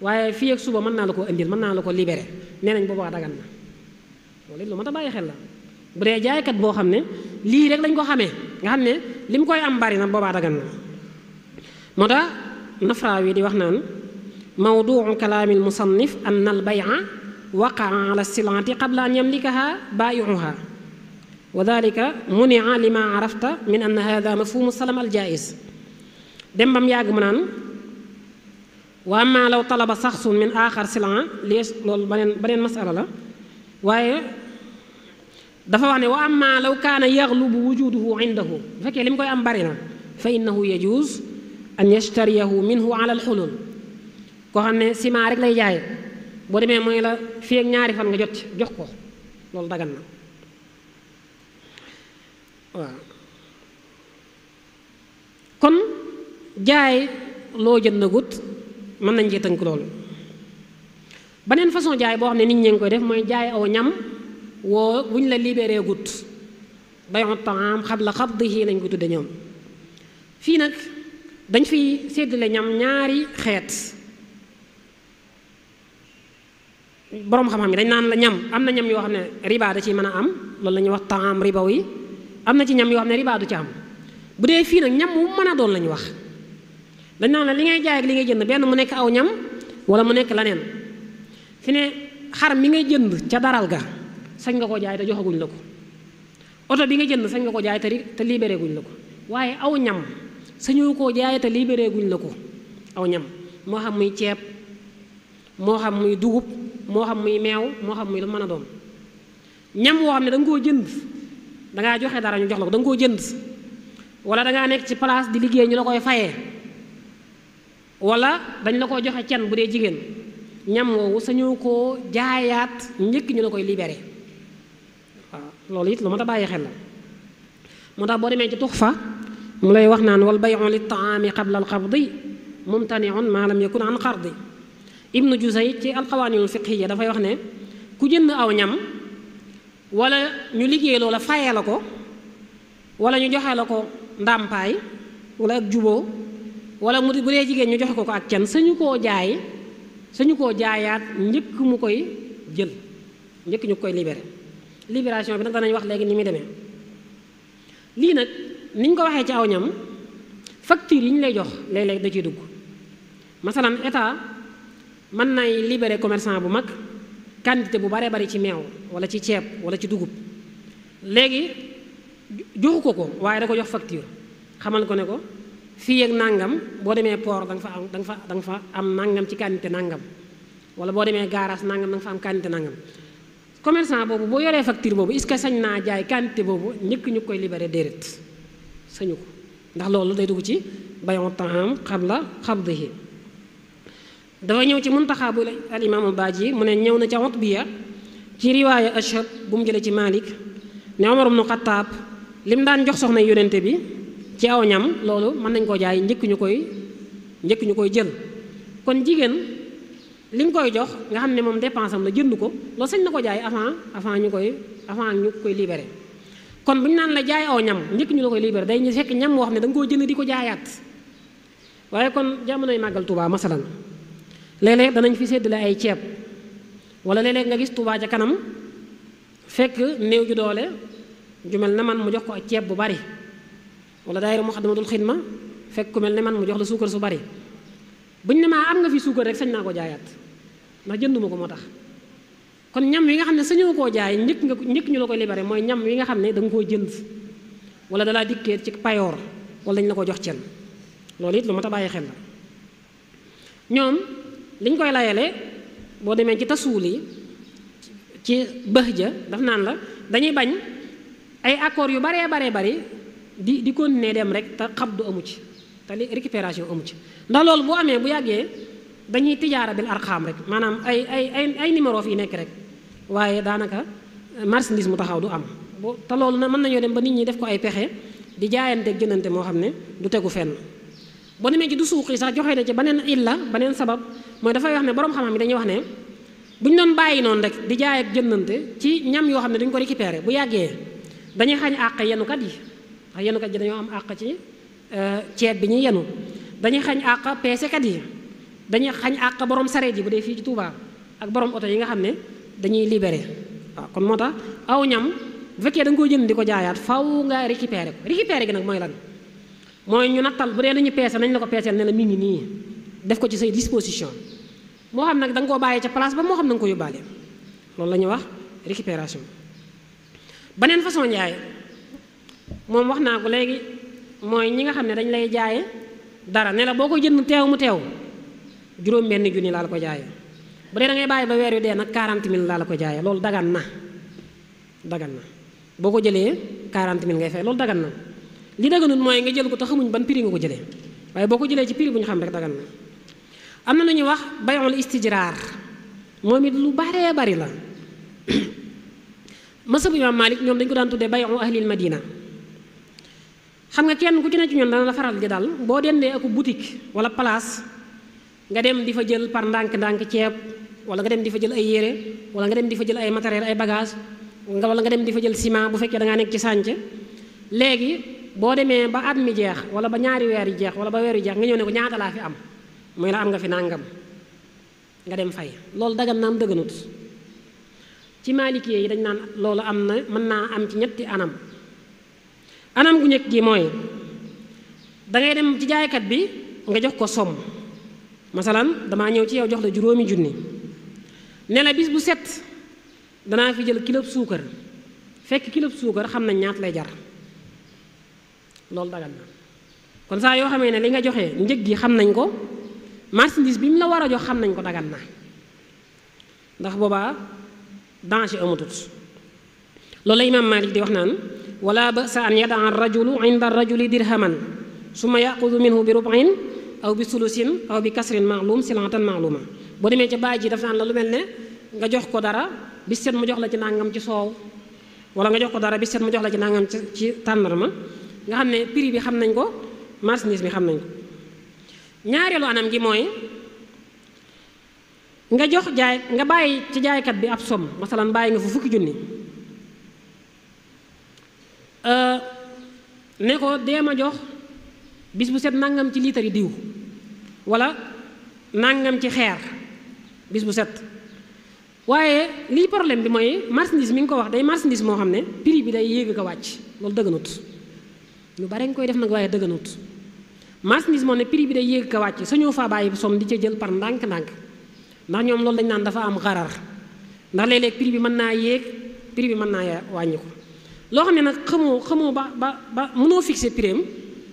B: waaye fii ak suba mën naa la ko indil mën naa la ko libere nee nañ boobaa dagan na loolu lu mat a bàyyi xel la bu dee jaaykat boo xam ne lii rek lañ ko xamee nga xam ne li mu koy am bari na boobaa dagan na moo wi di wax naan موضوع كلام المصنف أن البيع وقع على السلعة قبل أن يملكها بائعها وذلك منع لما عرفت من أن هذا مفهوم السلام الجائز دمبم ياغمنان واما لو طلب شخص من اخر سلعه ليش لول بنين بنين مساله لا واي دفعني واما لو كان يغلب وجوده عنده فكي ام بارينا فانه يجوز ان يشتريه منه على الحلول koo xam ne ciment rek lay jaay boo demee mooy la fi ak ñaari fan nga jot ci jox ko loolu dagan na waaw kon jaay loo jëndagut mën nañ cee tënk loolu beneen façon jaay boo xam ne nit ñi ngi koy def mooy jaay aw ñam woo bu la libéré gut bayon taam xab la xab dëxii lañ ko tudde ñoom fii nag dañ fiy séddale ñam ñaari xeet borom xam-xam yi dañ naan la ñam am na ñam yoo xam ne riba da ciy mën a am loolu la ñuy wax taam ribaw yi am na ci ñam yoo xam ne riba du ci am bu dee fii nag ñam wu mën a doon la ñu wax dañ naan la li ngay jaay ak li ngay jënd benn mu nekk aw ñam wala mu nekk leneen fi ne xar mi ngay jënd ca daral ga sañ nga koo jaay te joxaguñ la ko oto bi nga jënd sañ nga koo jaay te te la ko waaye aw ñam sañu koo jaay te libéré la ko aw ñam moo xam muy ceeb moo xam muy dugub moo xam muy meew moo xam muy lu mën a doon ñam woo xam ne da nga koo jënd da ngaa joxe dara ñu jox la ko da nga koo jënd wala da ngaa nekk ci place di liggéey ñu la koy fayee wala dañ la ko joxe can bu dee jigéen ñam woowu sañu koo jaayaat njëkk ñu la koy libéré waaw loolu it lu mat a bàyyi xel la moo tax boo demee ci tux fa mu lay wax naan wal bay'u lit ta'ami qabla al qabdi mumtani'un ma lam yakun an qardi ibnu jusay ci alqawaaniyul fiqhiya dafay wax ne ku jënd aw ñam wala ñu liggéey loola fayee la ko wala ñu joxe la ko ndàmpaay wala ak juboo wala mu bu dee jigéen ñu joxe ko ko ak can sañu koo jaay sañu koo jaayaat njëkk mu koy jël njëkk ñu koy libéré libération bi nag danañ wax léegi ni muy demee lii nag niñ ko waxee ci aw ñam facture yi ñu lay jox léeg-léeg da ciy dugg masalan état mën nay libéré commerçant bu mag quantité bu baree bari ci meew wala ci ceeb wala ci dugub léegi joxu ko ko waaye da ko jox facture xamal ko ne ko fii ak nàngam boo demee port da nga fa am da nga fa da fa am nàngam ci quantité nàngam wala boo demee garage nàngam da nga fa am quantité nàngam commerçant boobu boo yoree facture boobu est-ce que sañ naa jaay quantité boobu njëkk ñu koy libéré déedéet sañu ko ndax loolu day dugg ci bayon temps xam la xab xabdihi dafa ñëw ci muntaxaa bu aliment imaamu baaji mu ne ñëw na ca bi ya ci riwaaya ashab bu mu jëlee ci Malik ne Omar ibnu Xattaab lim daan jox soxna yonente bi ci aw ñam loolu mën nañ koo jaay njëkk ñu koy njëkk ñu koy jël kon jigéen li nga koy jox nga xam ne moom dépense la jënd ko loolu sañ na ko jaay avant avant ñu koy avant ñu koy libere kon bu ñu naan la jaay aw ñam njëkk ñu la koy libere day ñu fekk ñam woo xam ne da nga koo jënd di ko jaayaat waaye kon jamonoy màggal Tuubaa léeg-léeg danañ fi sedd la ay ceeb wala léeg-léeg nga gis Touba ca kanam fekk néew ju doole ju mel ne man mu jox ko ceeb bu bari wala daayira Muxaddamatul Xidma fekk ku mel ne man mu jox la suukar su bari buñ ne maa am nga fi suukar rek sañ naa ko jaayaat ndax jënduma ko moo tax kon ñam wi nga xam ne sañoo koo jaay njëkk nga njëkk ñu la koy libéré mooy ñam wi nga xam ne da nga koo jënd wala da dalaa dikkee ci payoor wala dañ la ko jox cen loolu it lu ma ta bàyyi xel la ñoom liñ koy layalé bo démé ci tasuul ci bëx ja daf nan la dañuy bañ ay accord yu baree baree bari di di continuer dem rek ta xabdu amu ci ta li récupération amu ci ndax lool bu amé bu yaggé dañuy tijara bil arqam rek manam ay ay ay ay numéro fi nek rek waaye daanaka marxisme taxaw du am bo ta lool na mën nañu dem ba nit ñi def ko ay pexé di jaayante ak jëneenté mo xamné du tegu fenn boo demee ci du suuxi sax joxé na ci banen illa banen sabab mooy dafay wax ne borom xamam xam yi dañuy wax ne buñ ñu doon bàyyi noonu rek di jaay ak jëndante ci ñam yoo xam ne dañu ko récupéré bu yàggee dañuy xañ àq yenukat yi ndax yenukat yi dañoo am àq ci euh, ceeb bi ñuy yenu dañuy xañ àq kat yi dañuy xañ àq borom sareet yi bu dee fii ci Touba ak borom oto yi nga xam ne dañuy libéré waaw kon moo tax aw ñam bu fekkee da nga koo jënd di ko jaayaat faw nga récupéré ko récupéré gi nag mooy lan mooy ñu nattal bu dee lu ñu peese nañ la ko peeseel ne la mi ngi nii def ko ci say disposition mo xam nak dang ko baye ci place ba mo xam nang ko yobale lolou lañu wax récupération benen façon njaay mom wax naa ko léegi moy ñi nga xamne dañ lay jaay dara ne la boko jënd teew mu teew juroom benn junni la la ko jaay bu dee da ngay baye ba wër yu dee nak 40000 la la ko jaay lolou dagan na dagan na boko jëlé 40000 ngay fay lolou dagan na li nun moy nga jël ko te xamuñ ban prix nga ko jëlé waye boko jëlé ci prix buñ xam rek dagan na amna na lu ñuy wax bayul istijrar momit lu bare bari la masabu imam malik ñom dañ ko daan tuddee bayu ahlil madina xam nga kenn ku ci ne ci ñun dana la faral di dal bo dende ak boutique wala place nga dem di jël par ndank ndank ciép wala nga dem di jël ay yéré wala nga dem di jël ay matériel ay bagage nga wala nga dem di jël ciment bu fekké da nga nek ci légui bo démé ba at mi jeex wala ba ñaari weer jeex wala ba jeex nga ñëw ne ko ñaata la fi am muy la am nga fi nàngam nga dem fay loolu dagan naam dëgganut ci maalikee yi dañ naan loolu am na mën naa am ci ñetti anam anam gu njëkk gi mooy dangay dem ci jaaykat bi nga jox ko somm masalan dama ñëw ci yow jox la juróomi junni ne la bis bu set danaa fi jël kilo suukar fekk kilo suukar xam nañ ñaat lay jar loolu dagan na kon saa yoo xamee ne li nga joxe njëg gi xam nañ ko marchandise bi mu la wara jox xam nañ ko dagan na ndax boba danger amatut loolu la imaam Malik di wax nan wala ba sa an yada an rajulu inda rajuli dirhaman summa yaqudu minhu bi rubin aw bi sulusin aw bi kasrin ma'lum silatan ma'luma bo demé ci baaji ji daf naan la lu melne nga jox ko dara bis seet mu jox la ci nangam ci soow wala nga jox ko dara bis seet mu jox la ci nangam ci tanarma nga xamné prix bi xam nañ ko marchandise bi xam nañ ko ñaareelu anam gi moy nga jox jaay nga bàyyi ci kat bi ab som masalan bàyyi nga fu fukki euh ne ko deema jox bis bu set nangam ci litre diiw wala nangam ci xeer bis bu set waye li problème bi moy marchandise mi ngi ko wax day marchandise mo xamne prix bi day yéeg ko wacc lolou dëgganut lu bare koy def nak waye marchandise moo ne prix bi day yéeg ka wàcc sañoo faa bàyyi somme di ca jël par ndànk-ndànk ndax ñoom loolu dañ naan dafa am xarar ndax léeg-léeg bi mën naa yéeg prix bi mën naa wàññi ko loo xam ne nag xamoo xamoo ba ba ba mënoo fixé prix am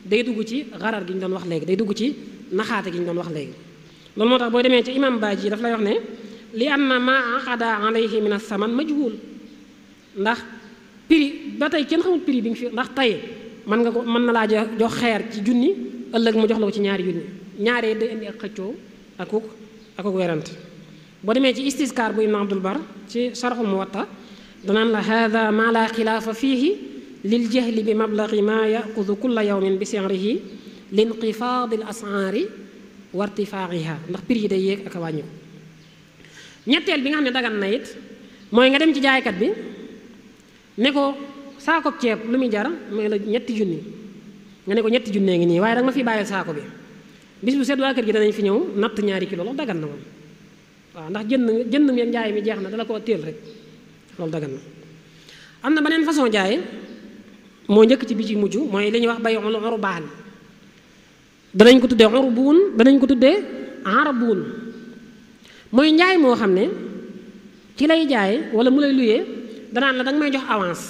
B: day dugg ci xarar gi ñu doon wax léegi day dugg ci naxaate gi ñu doon wax léegi loolu moo tax boo demee ca imam Baaji daf lay wax ne li anna ma aqada alayhi min as-saman majhul ndax prix ba tey kenn xamul prix bi nga fi ndax tey mën nga ko mën na laa jox xeer ci junni ëllëg mu jox la ko ci ñaari yu ñaare day indi ak xëccoo akuk akuk werante bo demee ci istiskaar bu imam abdul bar ci sarxu muwatta danaan la hada ma la xilaafa fiihi lil jahli bi mablagi ma yaqudu kulla yawmin bi sinrihi linqifaadi l asaari wa irtifaaxiha ndax prix yi day yéeg ak a wàññi ko ñetteel bi nga xam ne dagan na it mooy nga dem ci jaaykat bi ne ko saakoob ceeb lu muy jar mooy la ñetti junni nga ne ko ñetti junne ngi ni waye rek ma fi bàyyil saako bi bis bu set waa kër gi danañ fi ñew natt ñaari kilo lool dagan na woon wa ndax jënd jënd mi ñaay mi jeex na dala ko téel rek lool dagan na amna benen façon jaay mo ñëk ci bi ci mujj mooy li wax bay ul urban danañ ko tuddé urbun danañ ko tuddé arabuun moy ñaay mo xamné ne ci lay jaay wala mu lay da danaan la dang may jox avance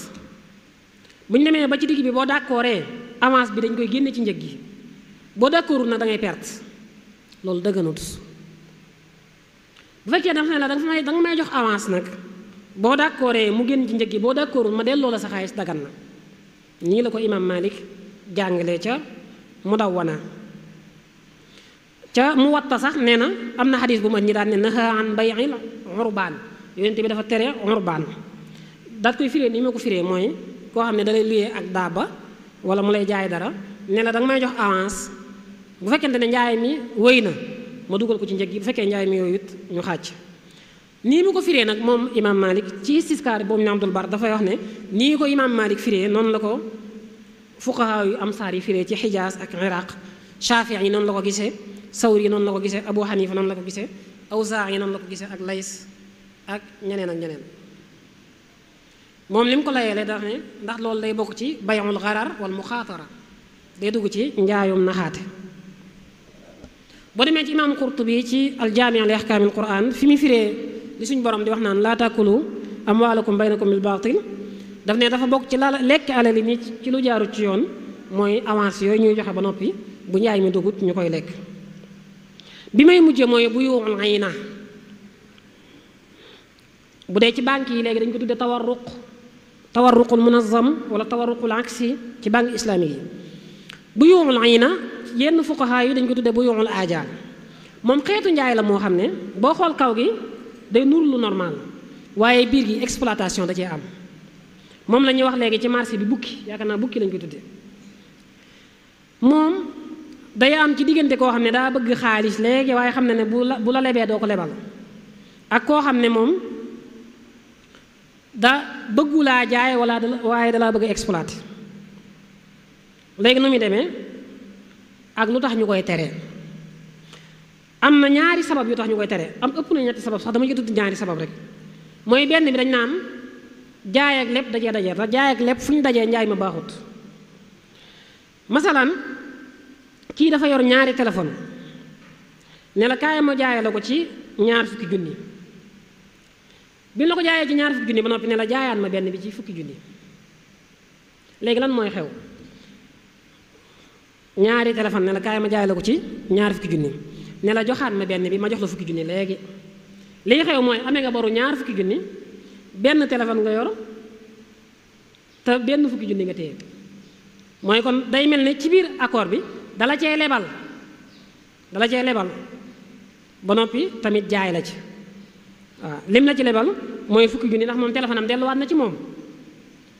B: buñ démé ba ci digg bi bo d'accordé Amas bi dañ koy génne ci njëg gi boo d'accord na da ngay perte loolu dëgganut bu fekkee dafa ne la da nga may da nga may jox avance nag boo d'accordee mu génn ci njëg gi boo ma delloo la sa xaalis dagan na nii la ko imam malik jàngalee ca mu daw wana ca mu watta sax nee na am na xadis bu ma ñi daan ne naha an bayil urbaan yonente bi dafa tere urbaan daat koy firee ni ma ko firee mooy koo xam da lay luyee ak daaba wala mu lay jaay dara ne la da may jox avance bu fekkente ne njaay mi wéy na ma dugal ko ci njëg yi bu fekkee njaay mi yooyu it ñu xàcc nii mi ko firee nag moom imam Malik ci siskaar boobu ñu Abdul Bar dafay wax ne nii ko imam Malik firee noonu la ko fuqaha yu amsaar yi firee ci Xijaas ak Iraq Shaafi'i yi noonu la ko gisee Sawri yi noonu la ko gisee Abu Hanifa noonu la ko gisee Awzaa'i yi noonu la ko gisee ak Lays ak ñeneen ak ñeneen moom li mu ko layeele daf ne ndax loolu lay bokk ci bayamul xarar wala mu xaatara day dugg ci njaayum naxaate boo demee ci imaam Qurtubi ci aljaami li ahkaamil Quraan fi mu firee li borom di wax naan laa taakulu amwaalakum baynakum bil baatil daf ne dafa bokk ci la lekk alali nit ci lu jaarut ci yoon mooy avance yooyu ñuy joxe ba noppi bu njaay mi dugut ñu koy lekk bi may mujje mooy bu yuuxul ay na bu dee ci banque yi léegi dañ ko tudde tawarruq التورق المنظم ولا التورق العكسي كي بانك اسلامي بيوع العينة ين فقهاء يدن كتو بيوع الاجال موم خيتو نجاي لا مو خامني بو خول نور لو نورمال واي بيرغي اكسبلواتاسيون داتي ام موم لا ني واخ ليغي سي مارسي بي بوكي ياكنا بوكي لنجي تودي موم داي ام سي ديغنتي كو خامني دا بغ خاليس ليغي واي خامني بو لا ليبي دوكو ليبال اك كو خامني موم da bëggu laa jaay wala waaye dalaa bëgg a exploité léegi nu muy deme ak lu tax ñu koy tere am na ñaari sabab yu tax ñu koy tere am ëpp na ñetti sabab sax dama ci tudd ñaari sabab rek mooy benn bi dañ naan jaay ak lépp dajee daje te jaay ak lépp fu ñu dajee njaay ma baaxut masalaan kii dafa yor ñaari téléphone ne la kaay ma jaay la ko ci ñaar fukki junni bi ñu la ko jaayee ci ñaar fukki junni ba noppi ne la jaayaan ma benn bi ci fukki junni léegi lan mooy xew ñaari téléphone ne la kaay ma jaay la ko ci ñaar fukki junni ne la joxaat ma benn bi ma jox la fukki junni léegi lii xew mooy amee nga boru ñaar fukki junni benn téléphone nga yor te benn fukki junni nga téye mooy kon day mel ni ci biir accord bi dala cee lebal dala cee lebal ba noppi tamit jaay la ci waaw lim la ci lebal mooy fukki junni ndax moom téléphone am delluwaat na ci moom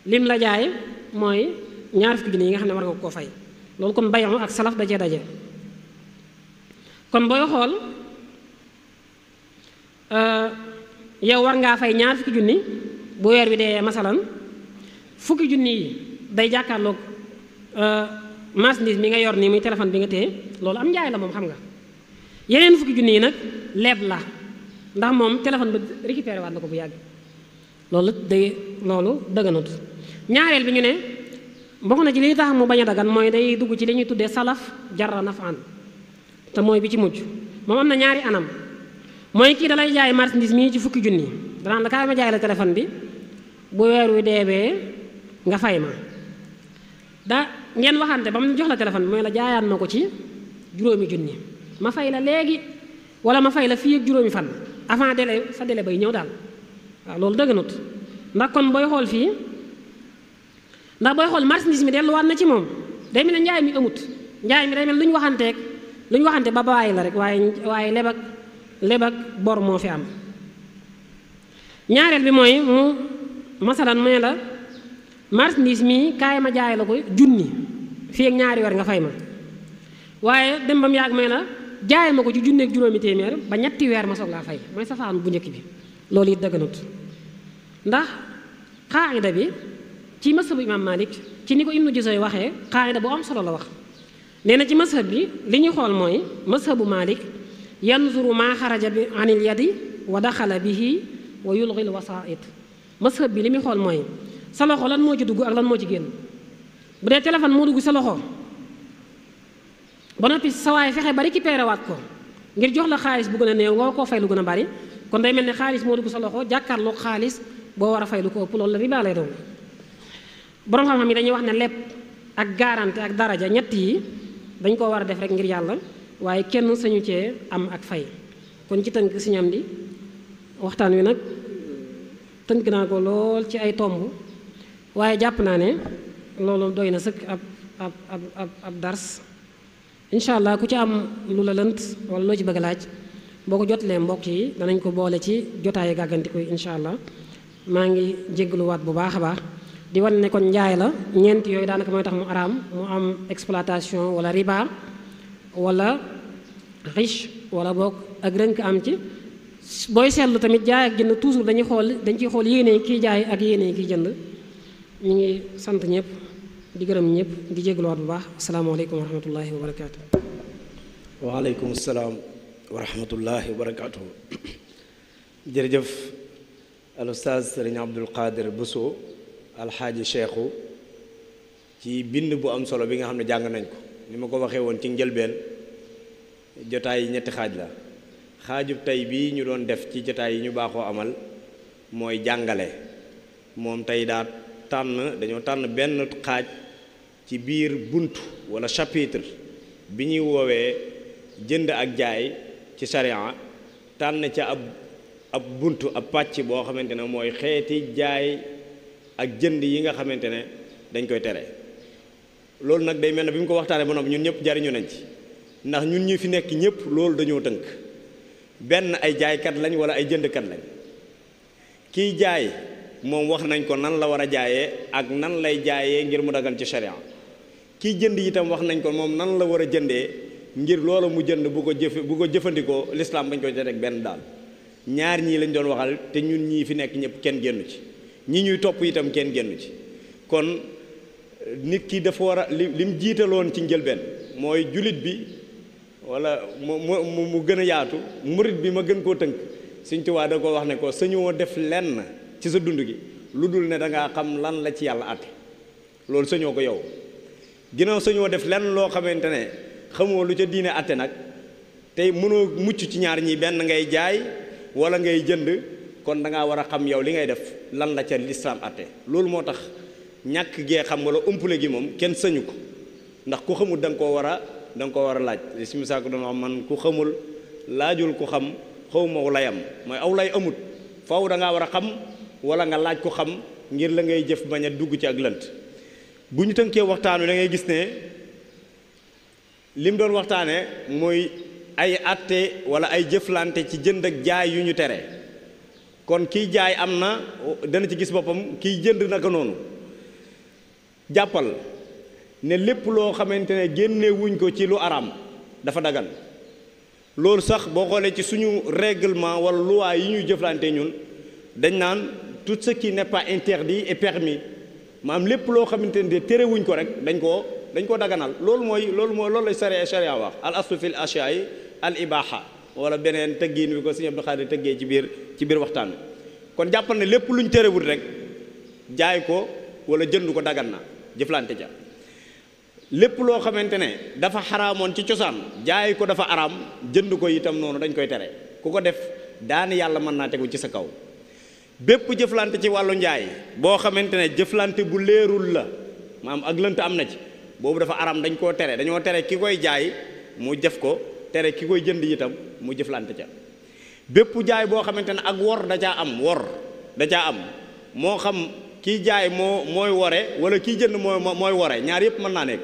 B: lim la jaay mooy ñaar fukki junni yi nga xam ne war nga koo fay loolu kon bayon ak salaf da cee daje kon booy xool euh, yow war ngaa fay ñaar fukki junni bu weer bi dee masalan fukki junni yi day jàkkaarloog euh, marchandise mi nga yor nii muy téléphone bi nga téye loolu am njaay la moom xam nga yeneen fukki junni yi nag leeb la ndax mom téléphone ba récupéré waat na ko bu yàgg loolu day loolu daganut ñaareel bi ñu ne bokk na ci li tax mu bañ a dagan mooy day dugg ci li ñuy tuddee salaf jarra nafaan te mooy bi ci mujj moom am na ñaari anam mooy kii dalay jaay marchandise mii ci fukki junni danaan la kaay ma jaay la téléphone bi bu weer wi deebee nga fay ma da ngeen waxante ba mu jox la téléphone mooy la jaayaan ma ci juróomi junni ma fay la léegi wala ma fay la fii ak juróomi fan avant délai sa délai bay ñëw daal waaw loolu dëgganut ndax kon booy xool fii ndax booy xool marchandise mi delluwaat na ci moom day mel ne njaay mi amut njaay mi day mel la ñu waxanteeg lu ñu waxante ba bàyyi la rek waaye waaye leb ak leb ak bor moo fi am ñaareel bi mooy mu masalan mu la marchandise mi kaay ma jaay la ko junni fii ak ñaari weer nga fay ma waaye dem ba mu yàgg may la jaay ma ko ci junneeg juróomi téeméer ba ñetti weer ma soog laa fay mooy safaanu bu njëkk bi loolu it dëgganut ndax xaaida bi ci mashabu imaam Malik ci ni ko Ibnu Juzay waxee xaaida bu am solo la wax nee na ci mashab bi li ñu xool mooy mashabu Malik yanzuru maa xaraja bi anil yadi wa daxala bihi wa yulxil wasaait mashab bi li muy xool mooy sa loxo lan moo ci dugg ak lan moo ci génn bu dee téléphone moo dugg sa loxo ba noppi sa waay fexe ba récupéré waat ko ngir jox la xaalis bu gën a néew woo koo fay lu gën a bari kon day mel ne xaalis moo dugg sa loxo jàkkaarloog xaalis boo war a fay lu ko ëpp loolu la riba lay doon borom xam-xam yi dañuy wax ne lepp ak garantie ak daraja ñett yi dañ koo war a def rek ngir yàlla waaye kenn sañu cee am ak fay kon ci tënk siñam ñam di waxtaan wi nag tënk naa ko lool ci ay tomb waaye jàpp naa ne loolu doy na sëkk ab ab ab ab dars incha allah ku ci am lu la lënt wala loo ci bëgg laaj boo ko jotlee mbokk yi danañ ko boole ci jotaayu gàggantiku yi incha allah maa ngi jéggaluwaat bu baax a baax di wan ne kon njaay la ñeent yooyu daanaka mooy tax mu araam mu am exploitation wala riba walla riche wala boog ak rënk am ci booy seetlu tamit jaay ak jënd toujours dañuy xool dañ ciy xool yéene kiy jaay ak yéene ki jënd ñu ngi sant ñëpp di gërëm ñëpp di jégluwaat bu baax asalaamaaleykum wa rahmatullahi wa barakaatu
A: waaleykum salaam wa rahmatullahi wa jërëjëf al ustaz sëriñ abdul qadir buso alxaaji cheikhu ci bind bu am solo bi nga xam ne jàng nañ ko ni ma ko waxee woon ci njëlbeen jotaay ñetti xaaj la xaajub tey bii ñu doon def ci jotaay yi ñu baaxoo amal mooy jàngale moom tey daa tànn dañoo tànn benn xaaj ci biir bunt wala chapitre bi ñuy woowee jënd ak jaay ci sharia tànn ca ab ab bunt ab pàcc boo xamante ne mooy xeeti jaay ak jënd yi nga xamante ne dañ koy tere loolu nag day mel ne bi mu ko waxtaanee ba noppi ñun ñëpp jariñu nañ ci ndax ñun ñi fi nekk ñëpp loolu dañoo tënk benn ay jaaykat lañ wala ay jëndkat lañ kiy jaay moom wax nañ ko nan la war a jaayee ak nan lay jaayee ngir mu daggan ci sharia kiy jënd itam wax nañ ko moom nan la war a jëndee ngir loolu mu jënd bu ko jëfe bu ko jëfandikoo lislaam bañ ko jënd rek benn daal ñaar ñii lañ doon waxal te ñun ñii fi nekk ñëpp kenn génnu ci ñi ñuy topp itam kenn génnu ci kon nit ki dafa war a li lim jiitaloon ci njëlbeen mooy julit bi wala mu mu gën a yaatu murit bi ma gën koo tënk Sëñ Tuubaa da ko wax ne ko sañoo def lenn ci sa dund gi lu dul ne dangaa ngaa xam lan la ci yàlla àtte loolu sañoo ko yow ginnaaw sañoo def lenn loo xamante ne xamoo lu ca diine atte nag tey mënoo mucc ci ñaar ñi benn ngay jaay wala ngay jënd kon da ngaa war a xam yow li ngay def lan la ca lislaam atte loolu moo tax ñàkk gee xam wala umpule gi moom kenn sañu ko ndax ku xamul da nga koo war a danga nga koo war a laaj li si misaako doon wax man ku xamul laajul ku xam xaw ma layam mooy aw lay amut faw da war a xam wala nga laaj ku xam ngir la ngay jëf bañ a dugg ci ak lënt buñu ñu waxtaanu da ngay gis né lim doon waxtaane moy ay atté wala ay jëflanté ci jënd ak jaay yu ñu kon ki jaay am na dana ci gis bopam ki jënd naka noonu jappal ne lepp lo ne wuñ ko ci lu aram, dafa dagan lool sax bo xolé ci suñu règlement wala loi yi ñuy jëflante ñun dañ nan tout ce qui n'est pas interdit est permis maam lépp loo xamante ne terewuñ ko rek dañ koo dañ koo daganal loolu mooy loolu mooy loolu lay sariya sariya wax al aslu fil ashyaa'i al ibaha wala beneen tëggiin bi ko sëñ Abdou Khadir tëggee ci biir ci biir waxtaan kon jàppal na lépp luñ terewul rek jaay ko wala jënd ko dagan na jëflante ja lépp loo xamante ne dafa xaraamoon ci cosaan jaay ko dafa araam jënd ko itam noonu dañ koy tere ku ko def daane yàlla mën naa tegul ci sa kaw bépp jëflante ci wàllu njaay boo xamante ne jëflante bu leerul la maam ak lënt am na ci boobu dafa aram dañ koo tere dañoo tere ki koy jaay mu jëf ko tere ki koy jënd itam mu jëflante ca bépp jaay boo xamante ne ak wor da caa am wor da caa am moo xam kii jaay moo mooy wore wala kii jënd mooy mooy wore ñaar yëpp mën naa nekk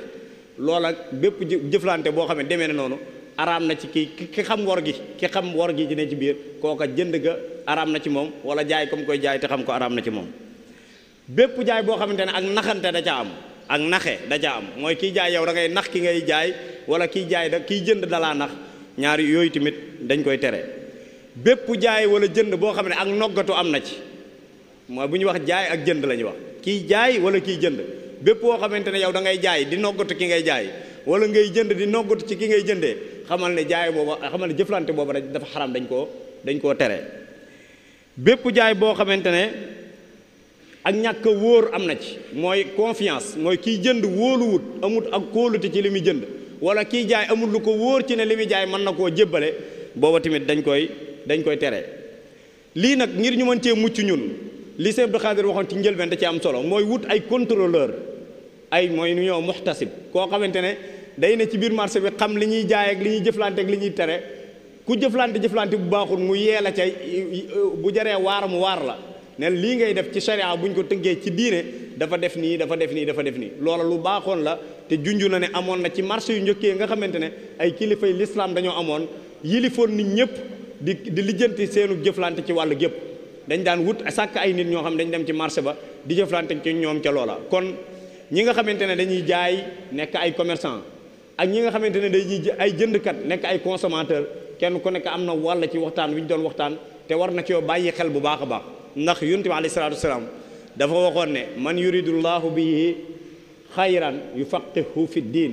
A: lool ak bépp jëflante boo xam ne demee na noonu araam na ci ki ki xam wor gi ki xam wor gi ne ci biir kooka jënd ga araam na ci moom wala jaay comme koy jaay te xam ko araam na ci moom bépp jaay boo xamante ne ak naxante da am ak naxe am mooy kiy jaay yow da ngay ki ngay jaay wala kiy jaay da kiy jënd dalaa nax ñaar yooyu tamit dañ koy tere bépp jaay wala jënd boo xam ne ak noggatu am na ci mooy bu ñu wax jaay ak jënd la ñuy wax kiy jaay wala kii jënd bépp boo xamante ne yow da ngay jaay di noggatu ki ngay jaay wala ngay jënd di noggatu ci ki ngay jëndee xamal ne jaay booba xamal ne jëflante booba dafa xaram dañ koo dañ koo tere bépp jaay boo xamante ne ak ñàkk wóor am na ci mooy confiance mooy kiy jënd wóoluwut amut ak kóolute ci li muy jënd wala kiy jaay amul lu ko wóor ci ne li muy jaay mën na koo jébbale booba tamit dañ koy dañ koy tere lii nag ngir ñu mën cee mucc ñun li Sëñ Abdou Khadre waxoon ci njëlbeen da ci am solo mooy wut ay contrôleur ay mooy nu ñoo muxtasib koo xamante ne day ne ci biir marché bi xam li ñuy jaay ak li ñuy jëflante ak li ñuy tere ku jëflante jëflante bu baaxul mu yee la ca bu jaree waar mu waar la ne lii ngay def ci bu buñ ko tënkee ci diine dafa def nii dafa def nii dafa def nii loola lu baaxoon la te junj na ne amoon na ci marché yu njëkkee nga xamante ne ay kilifay lislaam dañoo amoon yilifoon nit ñëpp di di lijjanti seenu jëflante ci wàll gépp dañ daan wut sàkk a nit ñoo xam dañ dem ci marché ba di jëflante ci ñoom ca loola kon ñi nga xamante ne dañuy jaay nekk ay commerçant ak ñi nga xamante ne dañuy ay jëndkat nekk ay consommateur kenn ku nekk am na wàll ci waxtaan wi ñu doon waxtaan te war na coo bàyyi xel bu baax a baax ndax yonent bi alayhi salaatu wasalaam dafa waxoon ne man yuridullahu bihi xayran yufaqihu fi diin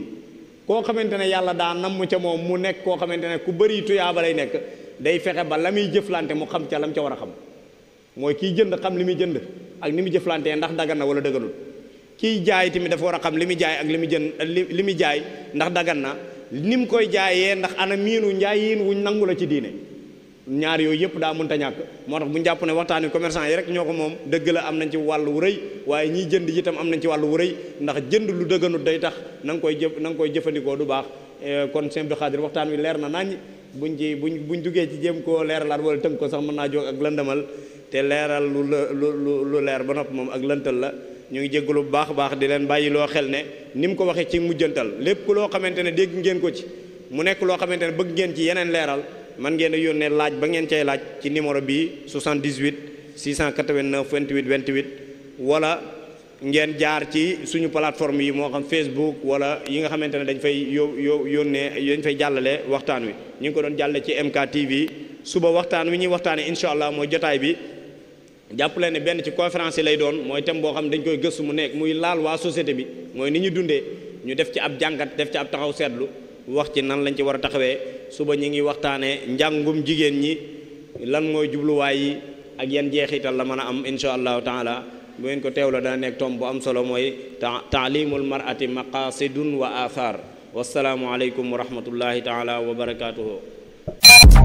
A: koo xamante ne yàlla daa namm ca moom mu nekk koo xamante ne ku bëri ba lay nekk day fexe ba la muy jëflante mu xam ca lam ca war a xam mooy kiy jënd xam li muy jënd ak ni muy jëflante ndax dagan wala dëgganul kiy jaay tamit dafa war a xam li muy jaay ak li muy jën li muy jaay ndax dagan na ni mu koy jaayee ndax ana miinu njaay yiin wuñ nangu la ci diine ñaar yooyu yëpp daa mënta ñàkk moo tax bu ñu jàpp ne waxtaan wi commerçant yi rek ñoo ko moom dëgg la am nañ ci wàll wu rëy waaye jënd yi am nañ ci wàll wu rëy ndax jënd lu dëgganut day tax na nga koy jëf na nga koy jëfandikoo du baax eh, kon Sëñ Abdou waxtaan wi leer na bu buñ ci buñ buñ jugee ci jéem koo leeralaat wala tënk ko sax mën naa jóg ak te leeral lu lu lu leer ba nopp moom ak lëntal la ñu ngi jéggalu bu baax a baax di leen bàyyi loo xel ne ni mu ko waxee ci mujjantal lépp loo xamante ne dégg ngeen ko ci mu nekk loo xamante ne bëgg ngeen ci yeneen leeral man ngeen a yónnee laaj ba ngeen cay laaj ci numéro bi 78 689 28 28 wala ngeen jaar ci suñu plateforme yi moo xam Facebook wala yi nga xamante ne dañ fay yo yo yónnee dañ fay jàllale waxtaan wi ñu ngi ko doon jàllale ci MK TV suba waxtaan wi ñuy waxtaane incha allah mooy jotaay bi. jàpp leen ne benn ci conférence lay doon moy thème bo xam dañ koy geussu mu nek muy laal wa société bi moy ni ñu dundé ñu def ci ab jangat def ci ab taxaw sétlu wax ci nan lañ ci wara taxawé suba ñi ngi waxtané njangum jigen ñi lan moy jublu wayi ak yeen jeexital la mëna am inshallah taala bu ngeen ko tewla dana nek tom bu am solo moy ta'limul mar'ati maqasidun wa athar wassalamu alaikum wa rahmatullahi taala wa